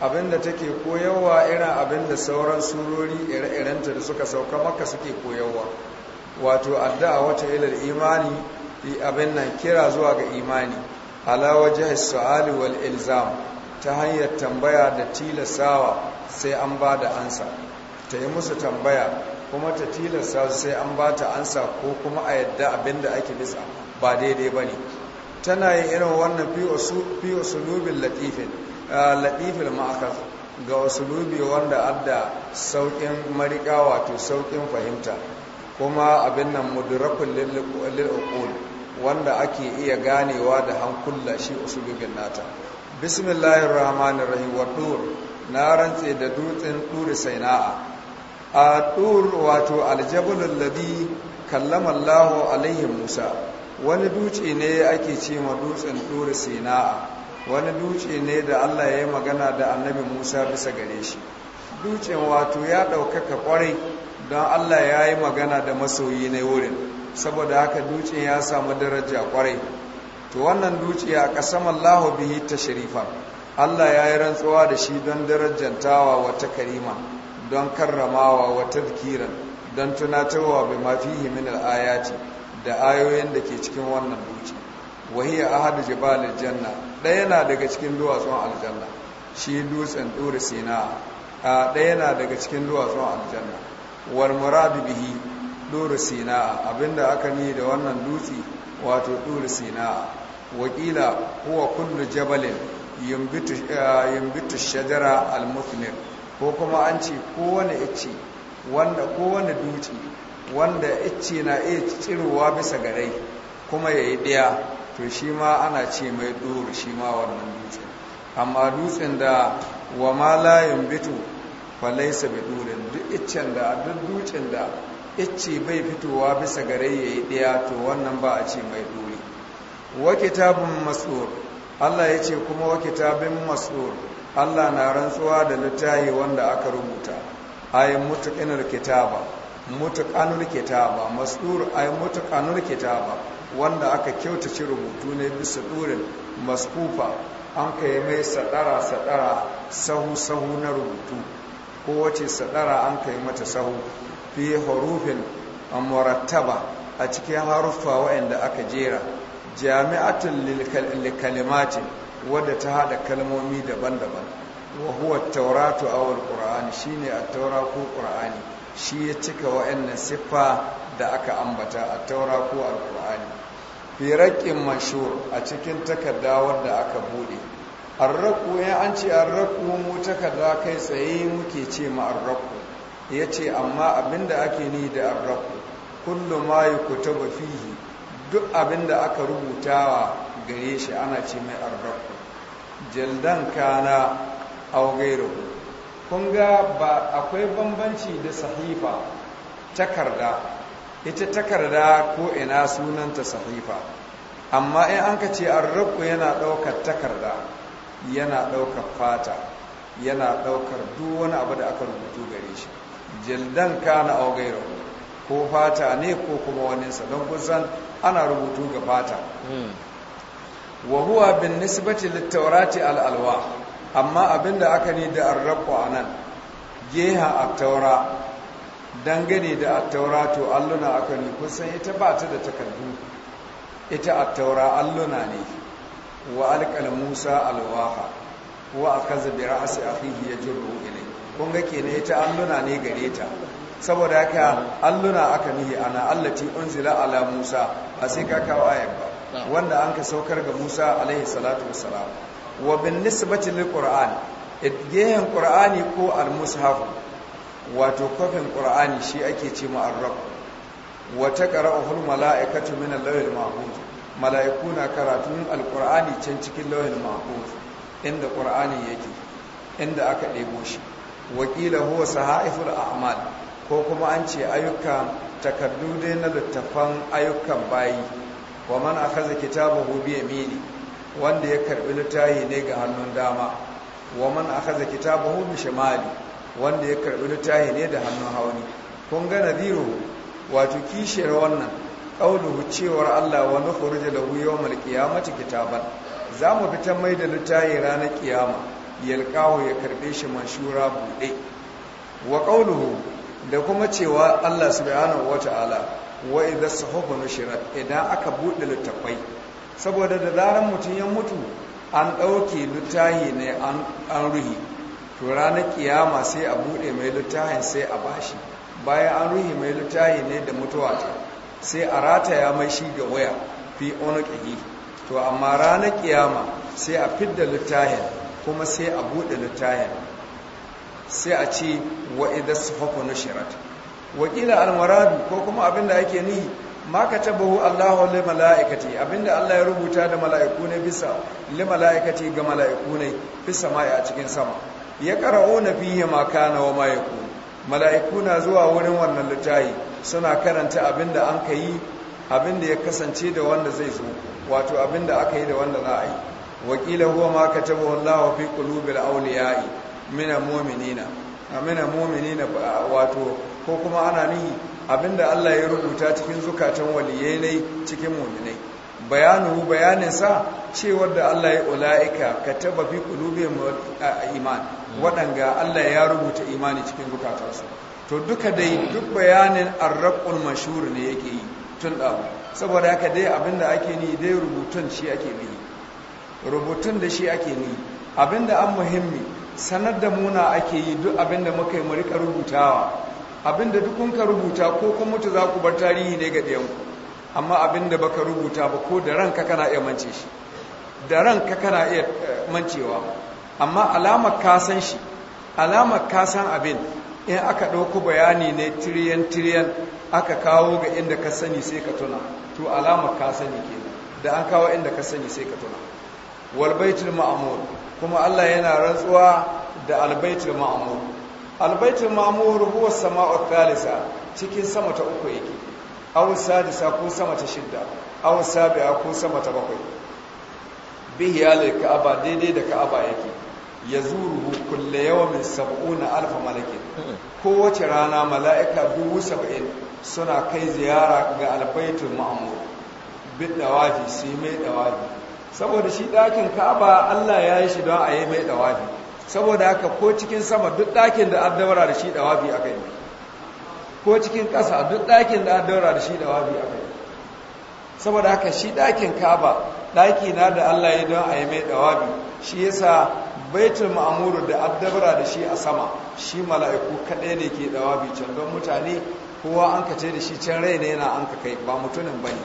Speaker 1: abinda take koyarwa irin da sauran surori ire-irenta da suka sauka makka suke koyarwa wato addu'a wata ila imani abin nan kira zuwa ga imani ala wajhi su'ali wal ilzam ta hanyar tambaya da tilasawa sai an ba da ansa ta yi musu tambaya kuma ta tilasta sai an ba ta ansa ko kuma a yadda abin da ake bisa ba daidai ba ne tana yin irin wannan fi usulubin latifin latifin ma'akas ga usulubi wanda adda sauƙin mariƙa wato sauƙin fahimta kuma abin nan mudurakun lil'ukul wanda ake iya ganewa da hankula shi usulubin nata bismillahirrahmanirrahim wa dur na rantse da dutsen sai saina'a a tur wato aljabalul ladhi kallama Allah alaihi Musa wani dutse ne ake ce ma dutsen dur sina'a wani dutse ne da Allah ya yi magana da annabi Musa bisa gare shi dutsen wato ya ɗaukaka kwarai don Allah ya yi magana da masoyi na wurin saboda haka dutsen ya samu daraja kwarai to wannan dutse a ƙasam Allah bihi tashrifa Allah ya yi rantsuwa da shi don darajantawa wata karima don karramawa wa tafkiran don tunatarwa bai ma fihi min da ayoyin da ke cikin wannan duci wahiya ahadu jibalil janna ɗaya na daga cikin duwatsun aljanna shi dutsen ɗura sina a ɗaya na daga cikin duwatsun aljanna wal murabi bihi ɗura sina abinda aka ni da wannan dutse wato ɗura sina wakila kuwa kullu jabalin bitu shajara al-muthmir ko kuma an ce kowane icce wanda kowane dutse wanda icce na iya tsirowa bisa garai kuma ya yi ɗaya to shi ma ana ce mai ɗoro shi ma wannan dutse amma dutsen da wa ma layin bito falaisa bai ɗorin duk iccen da duk dutsen da icce bai fitowa bisa garai ya yi ɗaya to wannan ba a ce mai ɗori wa kitabun masur Allah ya ce kuma wa kitabin masur Allah na rantsuwa da littahi wanda aka rubuta ay mutaqinul kitaba mutaqanul kitaba masdur ay mutaqanul kitaba wanda aka kyautace rubutu ne bisa durin maskufa an kai mai sadara sadara sahu sahu na rubutu ko wace sadara an kai mata sahu fi hurufin murattaba a cikin haruffa waɗanda aka jera jami'atun lil kalimatin wadda ta hada kalmomi daban-daban wa huwa tauratu aw alqur'ani shine at-taura ko qur'ani shi ya cika wa'annan siffa da aka ambata at-taura ko alqur'ani fi raqin mashhur a cikin takarda wadda aka bude arraku ya an ce arraku mu takarda kai tsaye muke ce ma Ya yace amma abinda ake ni da arraku kullum ma yukutabu fihi duk abinda aka rubutawa gare shi ana ce mai arraku jaldan kana aw gairu kun ga ba akwai bambanci da sahifa takarda ita takarda ko ina sunanta sahifa amma in an ka ce rabu yana ɗaukar takarda yana ɗaukar fata yana ɗaukar duk wani abu da aka rubutu gare shi jildan kana aw gairu ko fata ne ko kuma waninsa don kusan ana rubutu ga fata hmm. wa huwa bin nisbati littaurati al'alwa amma abinda aka ne da arraku a nan geha a taura dangane da attaura to alluna aka ne kusan ita ba ta da takardu ita attaura alluna ne wa alƙal musa alwaha wa a kaza bi ra'asi akhihi ya jirru ilai kun ga kene ita alluna ne gare ta saboda haka alluna aka ne ana allati unzila ala musa ba sai ka kawo ayat ba wanda an ka saukar ga Musa alaihi salatu wasalam wa bin nisbati lil qur'an gehen qur'ani ko al mushaf wato kofin qur'ani shi ake ce mu arab wa taqra'uhu al mala'ikatu min al lawhil mahfuz mala'iku na karatun al qur'ani can cikin lawhil mahfuz inda qur'ani yake inda aka ɗebo shi wakila huwa sahaiful a'mal ko kuma an ce ayyuka takardu dai na littafan ayyukan bayi wa man akaza kitabahu bi yamini wanda ya karbi littafi ne ga hannun dama wa man akaza kitabahu bi shimali wanda ya karbi littafi ne da hannun hauni kun ga nadiru wato kishiyar wannan qauluhu cewar Allah wa nukhruju lahu yawmal qiyamati kitaban za mu fitar mai da littafin ranar kiyama yalqahu ya karbe shi manshura bude wa qauluhu da kuma cewa Allah subhanahu wataala wa idza sahufa nushirat idan aka bude littafai saboda da zaran mutum ya mutu an dauke littafi ne an ruhi to ranar kiyama sai a bude mai littafin sai a bashi bayan an ruhi mai littafi ne da mutuwa ta sai a rataya mai shi ga waya fi onuqihi to amma ranar kiyama sai a fidda littafin kuma sai a bude littafin sai a ce wa idza sahufa nushirat wakila almaradu ko kuma abinda ake ni ma katabahu Allahu lil malaikati abinda Allah ya rubuta da mala'iku ne bisa lil malaikati ga mala'iku ne bisa mai a cikin sama ya qara'una fihi ma kana wa ma yakun mala'iku na zuwa wurin wannan litayi suna karanta abinda an kai abinda ya kasance da wanda zai zo wato abinda aka yi da wanda za a yi wakila huwa ma katabahu Allahu fi qulubil awliya'i min al-mu'minina amina mu'minina wato ko kuma ana nihi abinda Allah ya rubuta cikin zukatan waliyai ne cikin muminai bayanin sa cewa da Allah ya ula'ika kataba taba fi kulubin iman waɗanga Allah ya rubuta imani cikin zukatansu to duka dai duk bayanin arraƙul mashhur ne yake yi tun da saboda haka dai abinda ake ni dai rubutun shi ake bi. rubutun da shi ake ni, abinda an muhimmi sanar da muna ake yi duk abinda muka yi mu rika rubutawa abinda duk kun ka rubuta ko kun mutu za ku bar tarihi ne ga ɗiyanku amma abinda baka rubuta ba ko da ranka kana iya mance shi da ranka kana iya eh, mancewa amma alamar ka san shi alamar ka san abin in aka ɗauko bayani ne tiriyan tiriyan aka kawo ga inda ka sani sai ka tuna to alamar ka sani kenan da an kawo inda ka sani sai ka tuna wal baitul ma'mur kuma Allah yana rantsuwa da al baitul ma'mur albaitul ma'mur huwa sama'u thalitha cikin sama ta uku yake aw sadisa ko sama ta shidda aw sabi'a ko sama ta bakwai bihi alal ka'aba daidai da ka'aba yake yazuru kullu yawmin 70 alf malakin kowace rana mala'ika 70 suna kai ziyara ga albaitul ma'mur bid dawafi sai mai dawafi saboda shi dakin ka'aba Allah ya yi shi don a yi mai dawafi saboda haka ko cikin sama duk ɗakin da an daura da shi da wafi a kai ko cikin ƙasa duk ɗakin da an daura da shi da wafi a kai saboda haka shi ɗakin kaba ɗaki na da Allah ya don a yi mai ɗawabi shi yasa baitul ma'amuru da abdabra da shi a sama shi mala'iku kaɗai ne ke ɗawabi can don mutane kowa an kace da shi can rai ne yana an ba kai ba mutumin bane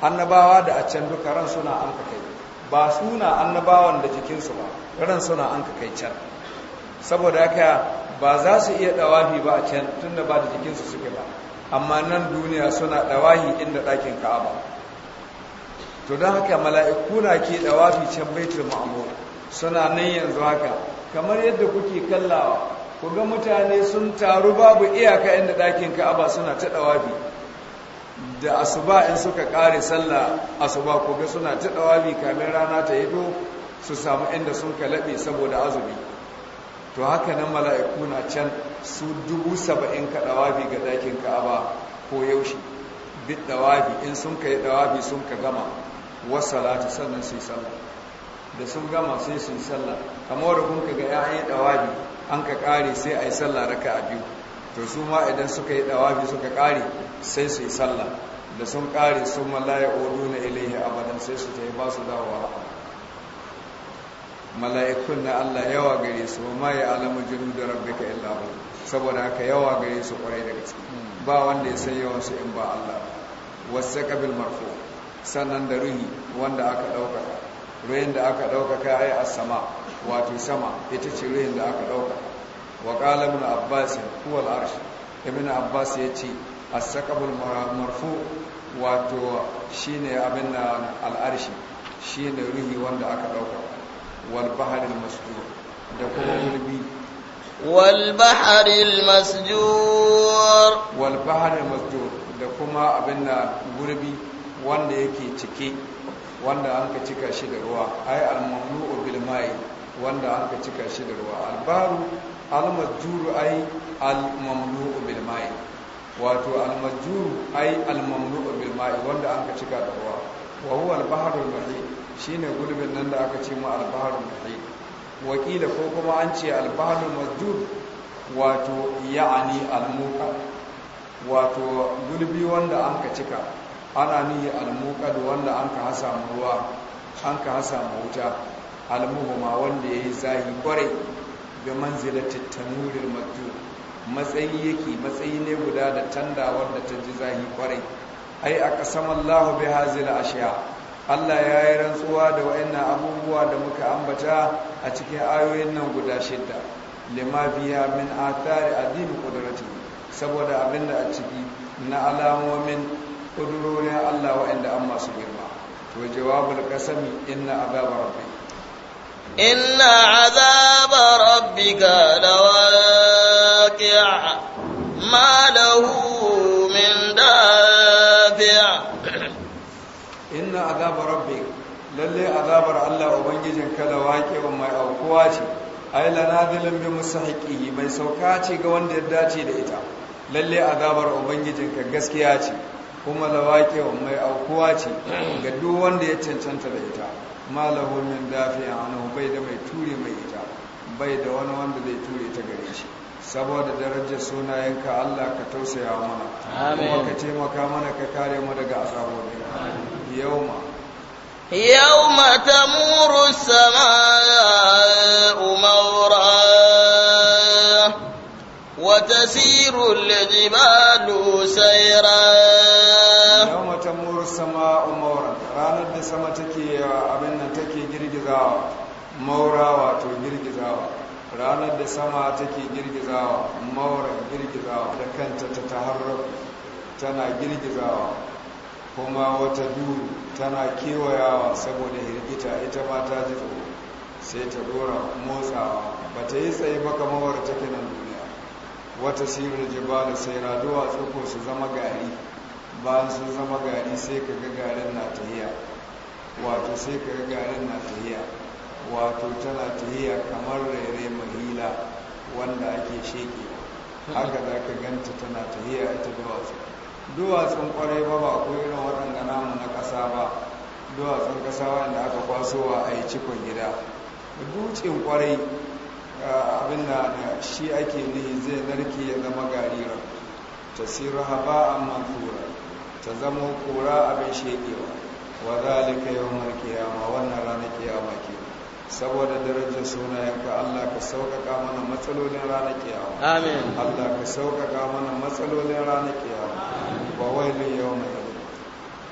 Speaker 1: annabawa da a can duka ran suna an kai ba suna annabawan da jikinsu ba ran suna an kai can saboda haka ba za su iya dawahi ba a can tun da ba da jikinsu suke ba amma nan duniya suna dawahi inda ɗakin ka'aba to don haka mala'iku na ke dawafi can baitul ma'amur suna nan yanzu haka kamar yadda kuke kallawa ku ga mutane sun taru babu iyaka inda ɗakin ka'aba suna ta dawafi da asuba in suka kare sallah asuba ko ga suna ta dawabi kamin rana ta yito su samu inda sun kalabe saboda azumi to haka nan mala'iku na can su dubu saba'in ka dawabi ga dakin ka'aba ko yaushe bid dawabi in sun kai dawabi sun ka gama wasalata sannan sai sallah da sun gama sai sun sallah kamar ka ga ya'yan dawabi an ka kare sai a yi sallah raka'a biyu to su ma idan suka yi dawafi suka kare sai su yi sallah da sun kare sun malaya odu na ilaihi abadan sai su ta yi ba su dawowa mala'ikun na Allah yawa gare su ma ya alamu jinu da ka illa hu saboda haka yawa gare su kwarai da gaske ba wanda ya san yawan su in ba Allah wasu kabil marfo sannan da ruhi wanda aka ɗaukaka ruhin da aka ɗaukaka yi a sama wato sama ita ce ruhin da aka ɗaukaka wa qala abbas huwa al-arsh ibn abbas ya ce a saqabul marfu wato shine abin da al-arshi shine ruhi wanda
Speaker 2: aka ɗauka wal bahr al da kuma gulbi wal bahr al-masdur da kuma
Speaker 1: abin da gurbi wanda yake cike wanda an ka cika shi da ruwa ai al-mamlu'u bil mai wanda an ka cika shi da ruwa al-bahru almajuru ai almamlu'u bil ma'i wato almajuru ai almamlu'u bil ma'i wanda an ka cika da ruwa wa huwa albahrul bahrul shine gulbin nan da aka ce ma albahrul bahrul wakila ko kuma an ce albahrul bahrul majur wato ya'ani almuka, wato gulbi wanda an ka cika ana ni al wanda an ka hasa ruwa an ka hasa wuta almuhuma wanda yayi zahi kwarai ga manzilatin tanurin matu matsayi yake matsayi ne guda da tandawar da ta ji zahi kwarai ai a ƙasam Allah bi hazil ashiya allah ya yi rantsuwa da wa'annan abubuwa da muka ambata a cikin ayoyin nan guda shidda lima biya min athari addini kudurati saboda abin da a ciki na alamomin kudurorin allah wa'anda an masu girma
Speaker 3: to jawabul kasami inna azaba
Speaker 1: rabbi
Speaker 2: Inna عذاب ربك لواقع ما له من دافع إن عذاب ربك lalle azabar Allah
Speaker 1: Ubangijinka da waƙewa mai aukuwa ce, ai lanadilin bi musahiƙi mai sauka ce ga wanda ya dace da ita, Lallai azabar Ubangijinka gaskiya ce, kuma da mai aukuwa ce ga duk wanda ya cancanta da ita. malahu min dafi'a anhu bai da mai ture mai ita bai da wani wanda zai ture ta gare shi saboda darajar sunayenka Allah ka tausaya mana kuma ka taimaka mana ka
Speaker 2: kare mu daga azabobi yauma يوم تمور السماء مورا وتسير الجبال سيرا يوم تمور السماء مورا ranar da sama take abin nan take
Speaker 1: girgizawa maurawa to girgizawa ranar da sama take girgizawa maura girgizawa da kanta ta taharrar tana girgizawa kuma wata duru tana kewayawa saboda hirgita ita ma ta ji tsoro sai ta dora motsawa ba ta yi tsaye ba kamar take nan
Speaker 2: wata sirar jibala saira duwatsu ko su zama gari
Speaker 1: bayan su zama gari sai ka ga garin na tahiya wato sai ka ga garin na tahiya wato tana tahiya kamar rere mahila wanda ake sheke haka za ka ganta tana tahiya ita duwatsu duwatsun kwarai ba ba ko irin waɗanda namu na ƙasa ba duwatsun ƙasa wanda aka kwasowa a yi cikon gida dutsen kwarai abin na shi ake nihi zai narke ya zama garira ta sirra haba a manzura ta zama kura abin shekewa wa zalika yawmal ma wannan ranar kiyama ke saboda darajar sunayenka Allah ka sauƙaƙa mana matsalolin ranar kiyama amin
Speaker 2: Allah ka sauƙaƙa mana matsalolin ranar kiyama wa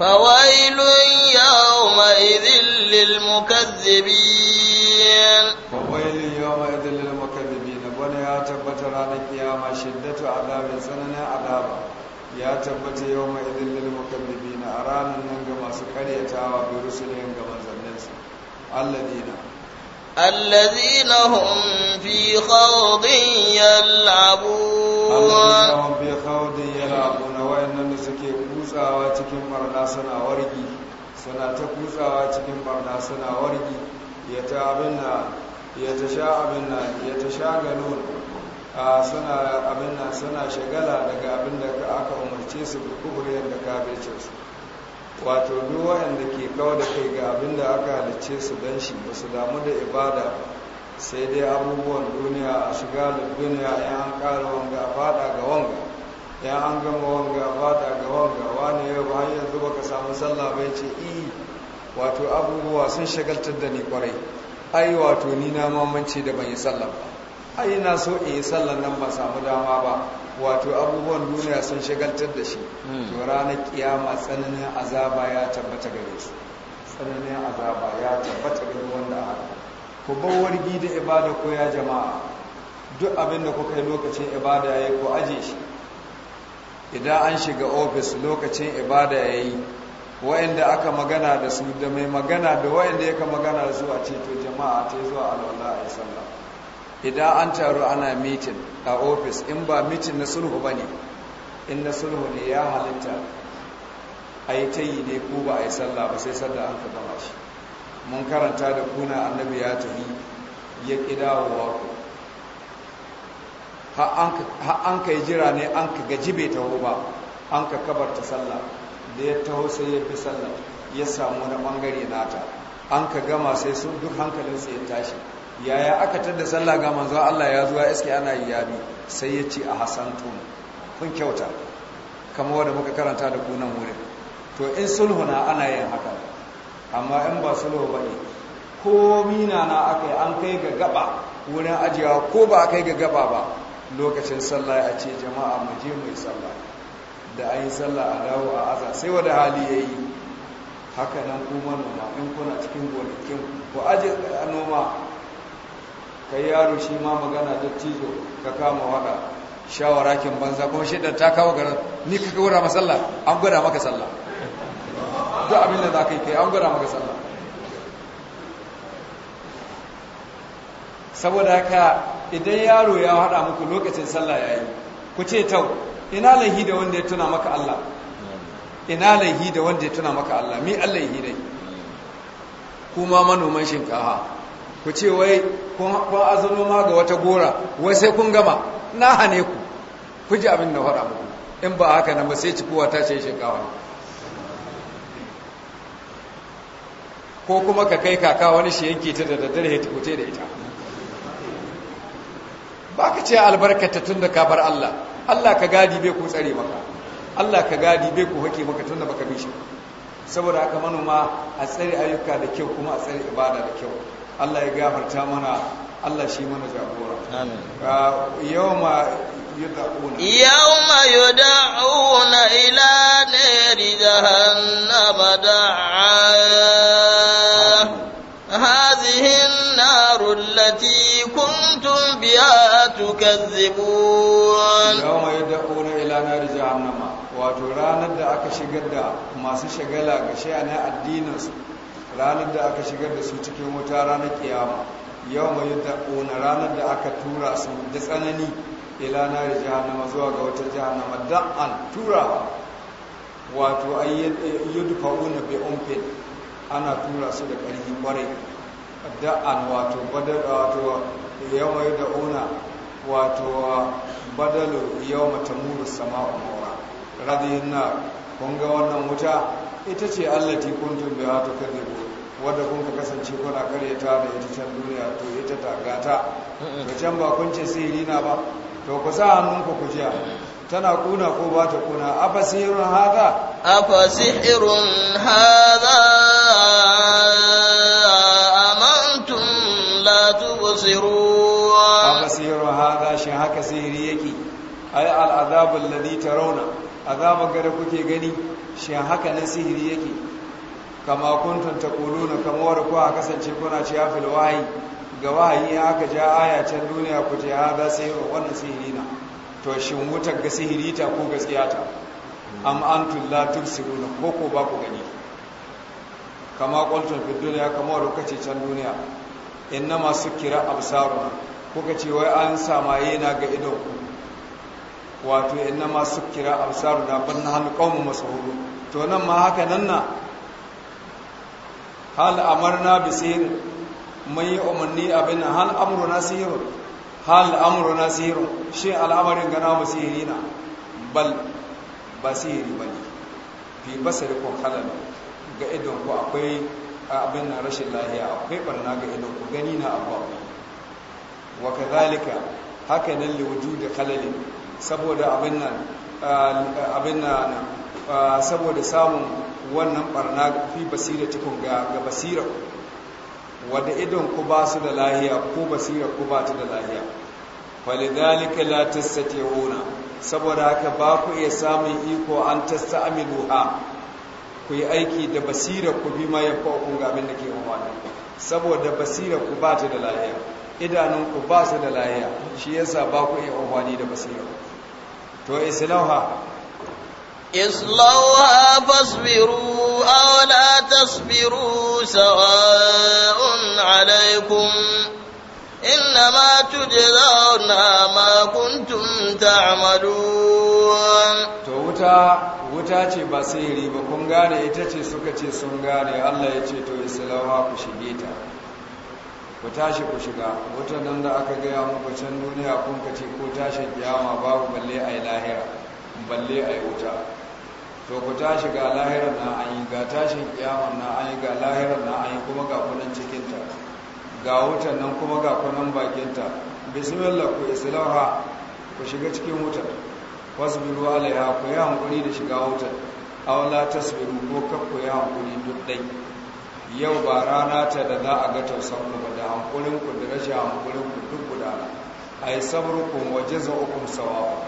Speaker 2: wailun yau mai zillil للمكذبين wail wail yawma idil lil mukaththibin bana ya tabbata ranar
Speaker 1: kiyama shiddatu azabin tsananin azaba ya tabbata yawma idil lil
Speaker 2: mukaththibin a ranar nan ga masu karyatawa bi rusulihim ga manzanninsu alladina الذين هم في خوض يلعبون الذين
Speaker 1: هم في خوض يلعبون وإنهم سكي كوسا وتكن برنا سنا ورقي سنا تكوسا وتكن برنا سنا ورقي ya ta sha abin ya ta sha a suna abin nan, suna shagala daga abin da aka umarce su da kuburiyar da su. wato duk da ke kawo da kai ga abin da aka halicce su don shi ba su damu da ibada sai dai abubuwan duniya a shiga da duniya ya an ƙara wanga a fada ga wanga ya an gama wanga a fada ga wanga wani yau ba hanyar zuba ka samu sallah bai ce iya wato abubuwa sun shagaltar da ni kwarai ai wato ni na mamance da ban yi sallah ba ai na so in yi sallah nan ba samu dama ba wato abubuwan duniya sun shagaltar da shi hmm. to ranar kiyama tsananin azaba ya tabbata gare su tsananin azaba ya tabbata gare wanda aka ku bawar gida ibada ko ya jama'a duk abin da kuka yi lokacin ibada ya yi ko aje shi idan an shiga ofis lokacin ibada ya yi wa'anda aka magana da su da mai magana da wa'anda ka magana da su a ce jama'a ta zuwa alwala a sallah idan an taru ana mitin a ofis in ba mitin na sulhu ba ne in na sulhu ne ya halitta a yi ta yi ne ko ba a yi sallah ba sai sadda an ka gama shi mun karanta da kuna annabi ya tafi ya wa ku har an ka yi jira ne an ka gajibe ta taho ba an ka kabarta sallah da ya taho sai ya fi sallah ya samu na bangare nata an ka gama sai sun duk hankalinsu ya tashi yaya aka tada sallah ga manzo Allah ya zuwa iske ana yi yabi sai ya ce a tun kun kyauta kamar wanda muka karanta da kunan wurin to in sulhu na ana yin haka amma in ba sulhu ba ne ko mina na aka yi an kai ga gaba wurin ajiyawa ko ba a kai ga gaba ba lokacin sallah ya ce jama'a mu je mu yi sallah da an yi sallah a dawo a aza sai wada hali ya yi haka nan kuma noma in kuna cikin gonakin ku aji noma ka yi yaro shi ma magana da cizo ka kama wada shawara kin banza kuma shi da ta kawo gara ni ka gura ma sallah an gwada maka sallah
Speaker 3: duk abin da za ka yi kai an gwada
Speaker 1: maka sallah saboda haka idan yaro ya hada muku lokacin sallah yayi ku ce tau ina laihi da wanda ya tuna maka Allah ina laihi da wanda ya tuna maka Allah mi Allah yi dai kuma manoman shinkafa ku ce wai kun azano ma ga wata gora wai sai kun gama na hane ku ku ji abin da faɗa muku in ba haka na ba sai kowa ta ce shinkafa ko kuma ka kai kaka wani shi yanke ta da daddare ya tukute da ita ba ka ce albarkata tun da ka bar Allah Allah ka gadi bai ko tsare maka Allah ka gadi bai ko hake maka tunda baka bishi shi saboda haka manoma a tsare ayyuka da kyau kuma a tsare ibada da kyau Allah ya gafarta mana Allah shi mana jagora amin yawma yud'una yawma yud'una ila
Speaker 2: nari jahannama da'a تكذبون يوم يدعون ila نار jahannama, wato ranar da aka shigar
Speaker 1: da masu shagala ga addinin su ranar da aka shigar da su cikin wuta ranar kiyama yau mai daƙona ranar da aka tura su da tsanani ila na da zuwa ga wata jahannama da'an an tura wato yudufa una bi umfin ana tura su da ƙarfi ƙwarai da an wato yau mai daƙona wato badalu yau matamuru sama umara radiyin na kunga wannan wuta ita ce allati kuntum biha tukadibu wadda kun ka kasance kuna karyata da ita can duniya to ita ta gata to can ba kun ce sihiri na ba to ku sa hannun ku jiya tana kuna ko ba ta kuna afa sihirun haza? afa
Speaker 2: haza. sihiru ha shi haka sihiri
Speaker 1: yake ai al'azabul ladhi tarawna azabar gada kuke gani shi haka nan sihiri yake kama kuntum taquluna kama ku a kasance kuna ciya fil wahi ga wahayi aka ja aya can duniya ku ce hada sihiru wannan sihiri na to shin wutar ga sihiri ta ko gaskiya ta am antum la tubsiruna ko ko ba ku gani kama kuntum fid dunya kama ce can duniya innama sukira absaruna kuka ce wai an samaye na ga idon ku wato inna masu kira absaru da ban na hannu kawo masu hudu to nan ma haka nan na hal amarna bi sihir mai yi umarni abin hal na sihir hal na sihir shi al'amarin gana mu sihiri na bal ba sihiri ne fi basarikum halal ga idon ku akwai abin na rashin lahiya akwai barna ga idon ku gani na abu wa zalika haka nan da khalalin saboda abin nan abin saboda samun wannan barna fi basira cikin ga ga basira wadda idon ku ba su da lahiya ko basira ku ba ta da lahiya zalika la wuna saboda haka ba ku iya samun iko an tasta'miluha ku yi aiki da basira ku bi ma yafa ku abin da ke umarni saboda basira ku ba ta da lahiya idanunku ba su da layiya shi yasa ba ku iya amfani da basira to islauha
Speaker 2: islauha fasbiru aw la tasbiru sawa'un alaykum إنما tujzauna ma kuntum ta'malun
Speaker 1: to wuta
Speaker 2: wuta ce ba
Speaker 1: sai riba kun gane ita ce suka ce sun gane Allah ya ce to islama ku shige ta ku tashi ku shiga wutar nan da aka gaya muku can duniya kun kace ko tashi kiyama babu balle a yi lahira balle a yi wuta to ku tashi ga lahira na an yi ga tashin kiyama na an yi ga lahira na an yi kuma ga kunan cikinta ga wutan nan kuma ga kunan bakinta bismillah ku islaha ku shiga cikin Wasu wasbiru alaiha ku yi hankuri da shiga wutan aw la tasbiru ko kakku yi hankuri duk dai
Speaker 3: yau ba rana ta da za a ga tausanku ba da hankulinku da rashin hankulinku duk gudana a yi saburkun waje za za'ukun sawawa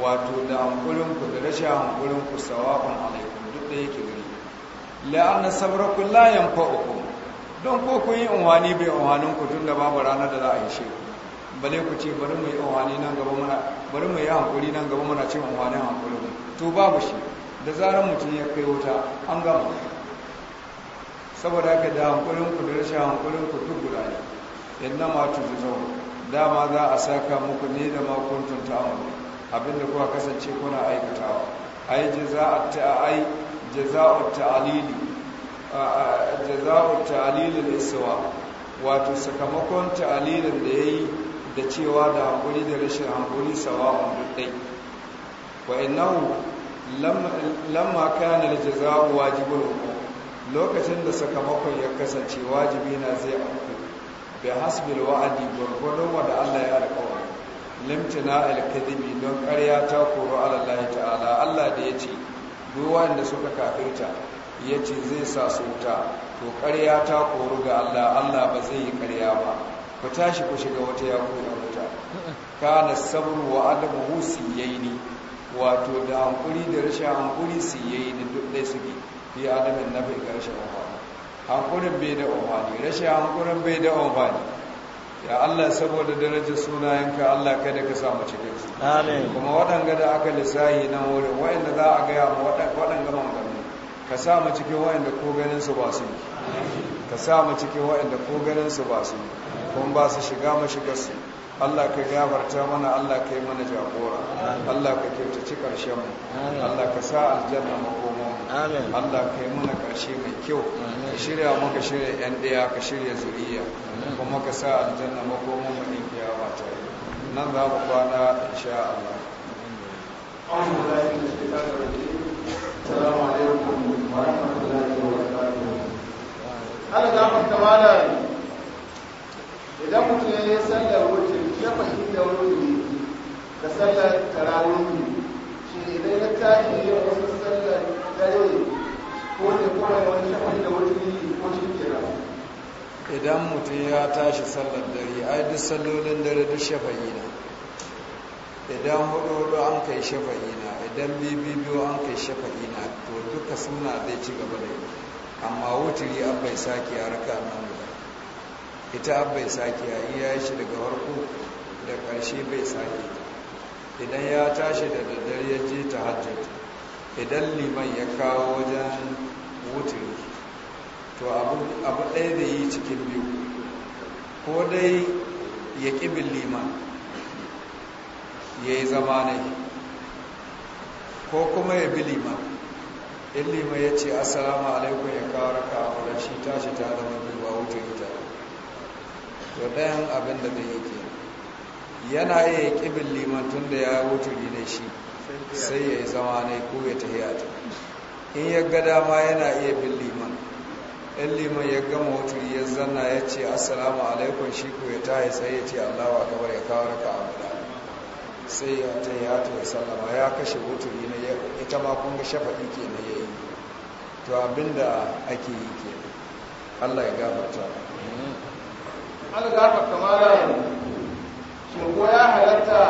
Speaker 3: wato da hankulinku da rashin hankulinku sawa'un alaikun
Speaker 1: duk da yake gari la'anna saburkun layan fa'uku don ko kun yi unwani bai ku tun da babu rana da za a yi shi bale ku ce bari mu yi unwani nan gaba muna bari mu yi hankuli nan gaba muna cin hankulinku to babu shi da zarar mutum ya kai wuta an gama saboda ka da hankulin ku da rashin hankulin ku duk guda ne inna ma tuzau dama za a saka muku ne da ma kuntun ta'amu abinda kuka kasance kuna aikatawa ai jaza'at ai jaza'ut ta'lili a ta'lilil iswa wato sakamakon ta'lilin da yayi da cewa da hankuli da rashin hankuli sawa'un duk dai wa innahu lamma kana al-jaza'u wajibul huquq lokacin da sakamakon ya kasance wajibi na zai auku bi hasbil wa'adi gwargwadon wanda Allah ya alƙawari limtina alkadibi don ƙarya ta koro alallahi ta'ala Allah da ya ce duwa inda suka kafirta ya ce zai sa su to ƙarya ta koro ga Allah Allah ba zai yi ƙarya ba ku tashi ku shiga wata ya koya wuta kana sabru wa adamu ni? wato da hankuri da rashin hankuri siyaini duk dai suke fi adamin na bai karshe amfani hankurin bai da amfani rashin hankurin bai da amfani ya Allah saboda darajar sunayenka Allah kada ka samu cikin su kuma waɗanga da aka lissahi nan wurin waɗanda za a gaya ma waɗanga manganu ka sa mu cikin waɗanda ko ganin su ba su ka sa mu cikin waɗanda ko ganin su ba su kun ba su shiga ma shiga su Allah ka gabarta mana Allah ka yi mana jagora Allah ka kyautaci ƙarshen mu Allah ka sa aljanna makoma Allah ka yi mana ƙarshe mai kyau ka shirya muka shirya 'yan ɗaya ka shirya zuriya kuma ka sa aljanna makomin mu ɗin kiyama ta yi nan za mu kwana in sha
Speaker 3: Allah Assalamu alaikum wa rahmatullahi wa barakatuh Allah ga mu kamala
Speaker 2: idan mutum ya yi sallar wuce ya fahimta wani da sallar tarawih shi idan ya tashi yin
Speaker 3: wasu idan
Speaker 1: mutum ya tashi sallar dare ai duk sallolin dare duk shafa'i na idan hudu hudu an kai shafa'i na idan biyu an kai shafa'i na to duka suna zai ci gaba da yi amma wuturi an bai sake a raka nan guda ita an bai sake a iya shi daga farko da ƙarshe bai sake idan ya tashi da daddare ya je ta hajjata idan liman ya kawo wajen wuturi to abu ɗaya da yi cikin biyu ko dai ya ƙibin liman ya yi zama ne ko kuma ya bi liman in liman ya ce asalamu alaikun ya kawo raka wadda shi tashi ta zama biyu a wuturi ta to ɗayan abin da zai yake yana iya ƙibin liman tun da ya wuturi ne shi sai ya yi zama ne ko ya ta hiyata in ya ga dama yana iya bin liman ɗan liman ya gama wuturi ya zanna ya ce assalamu alaikum shi ko ya yi sai ya ce allahu akabar ya kawo raka a guda sai ya tahiya ta ya sallama ya kashe wuturi na ita ma kun ga shafa ike na ya yi to abinda ake yi ke allah ya gafarta
Speaker 2: an gafarta mara yanzu shi ko ya halatta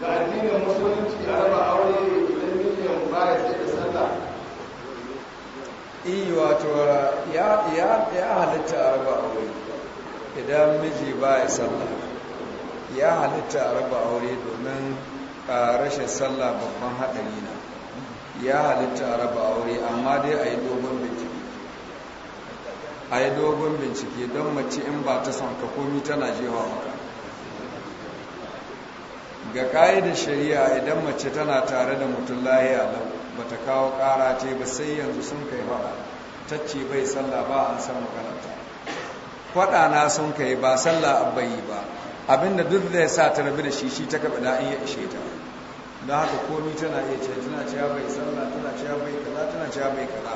Speaker 3: ga addinin musulmi
Speaker 2: iya wato
Speaker 1: ya halitta a raba aure idan miji ba ya sallah ya halitta a raba aure domin rashin sallah babban haɗari na ya halitta a raba aure amma dai a yi dogon bincike a yi dogon bincike don mace in ba ta son ka komi tana jewa maka ga ƙa'idar shari'a idan mace tana tare da mutum lahiya lau bata kawo kara ce ba sai yanzu sun kai Ta ce bai sallah ba an san makaranta faɗa na sun kai ba sallah abayi ba abinda duk zai sa ta rabu da shi shi ta kaɓa da in ya ishe ta don haka komi tana iya ce tana cewa bai sallah tana cewa bai kaza tana cewa bai kaza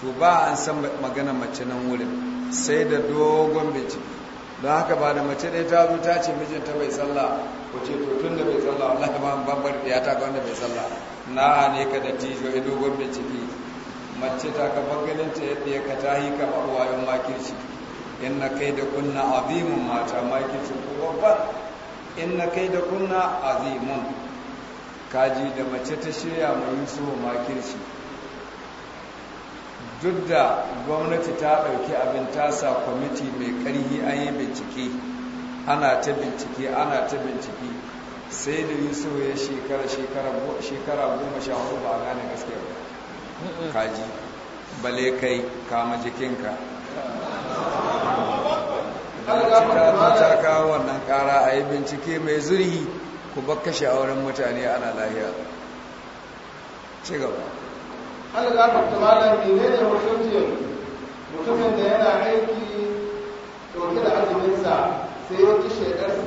Speaker 1: to ba an san magana mace nan wurin sai da dogon bincike don haka ba da mace ɗaya ta zo ta ce mijinta bai sallah ku ce to tun da bai sallah wallahi ba ban bar da ta ga wanda bai sallah na ne ka da tijo ido gobe ciki mace ta ka bangalin ta yadda ya ka tahi ka ba wayon makirci inna kai da kunna azimun mata makirci ku In inna kai da kunna azimun kaji da mace ta shirya mai ma makirci duk da gwamnati ta ɗauki abin tasa kwamiti mai ƙarhi an yi bincike ana ta bincike ana ta bincike sai da yusuf ya shekara shekara goma sha hudu ba a gane gaske ba kaji bale kai kama jikinka
Speaker 2: da ta
Speaker 1: kawo wannan kara a yi bincike mai zurhi ku kashe auren mutane ana lahiya ci gaba
Speaker 3: algafar tamalar ne ne mutum
Speaker 2: mutumin da yana aiki ɗauke da arzikinsa sai wata shaidarsa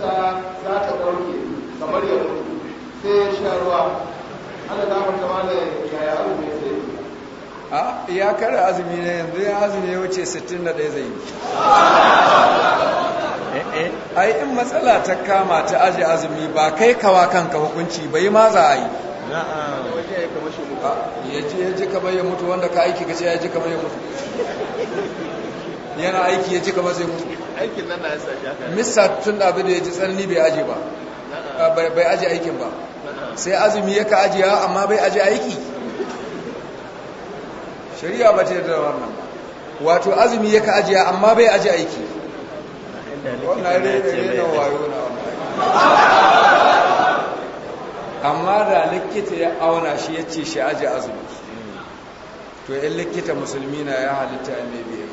Speaker 2: za ta ɗauke kamar ya mutu sai ya sha ruwa ana damar kama da yaya mai sai
Speaker 1: a ya kare azumi ne yanzu ya azumi ya wuce 61 zai yi eh, eh. ai in matsala ta kama ta aji azumi ba kai kawa kanka hukunci bai ma za a yi ya ji ya ji kamar ya mutu wanda ka aiki ka ce ya ji kamar ya mutu yana aiki ya ci gaba sai mutu
Speaker 2: aikin nan na yasa shi missa
Speaker 1: tun abin da ya ji tsanani bai aje
Speaker 2: ba
Speaker 1: bai aje aikin ba sai azumi ya ka ajiya amma bai aje aiki shari'a ba ta yarda da wannan wato azumi ya ka ajiya amma bai aje aiki wannan na wayo
Speaker 3: na
Speaker 1: amma da likita ya auna shi ya ce shi aje azumi to yan likita musulmi na ya halitta mai biya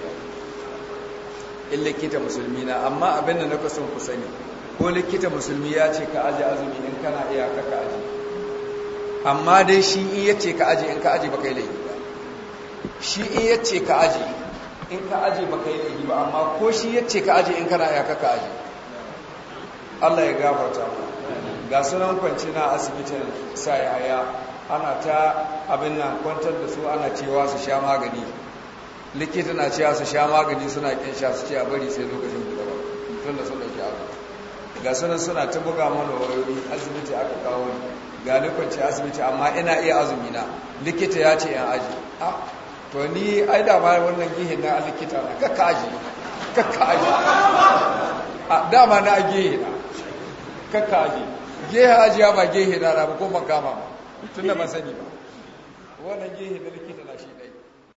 Speaker 1: in likita musulmi na amma abin da kusan son ku sani ko likita musulmi ya ce ka aji azumi in kana iya ka ka aji amma dai shi in ya ce ka aji in ka aji ba kai laifi ba shi in ya ce ka aji in ka aji ba kai laifi ba amma ko shi ya ce ka aji in kana iya ka ka aji Allah ya gafarta mu ga sunan kwanci na asibitin sa yaya ana ta abin nan kwantar da su ana cewa su sha magani likita na cewa su sha magani suna kin sha su ce a bari sai lokacin buɗe ba tun da sun dauki abu ga sunan suna ta buga mana wayoyi asibiti aka kawo ni ga kwanci asibiti amma ina iya azumi na likita ya ce yan aji a to ni ai da ma wannan gihin na likita na kakka aji kakka aji a dama na gihin na kakka aji aji ya
Speaker 3: ba gihin na ba ko makama ba tun da ba sani ba wannan gihin na likita na shi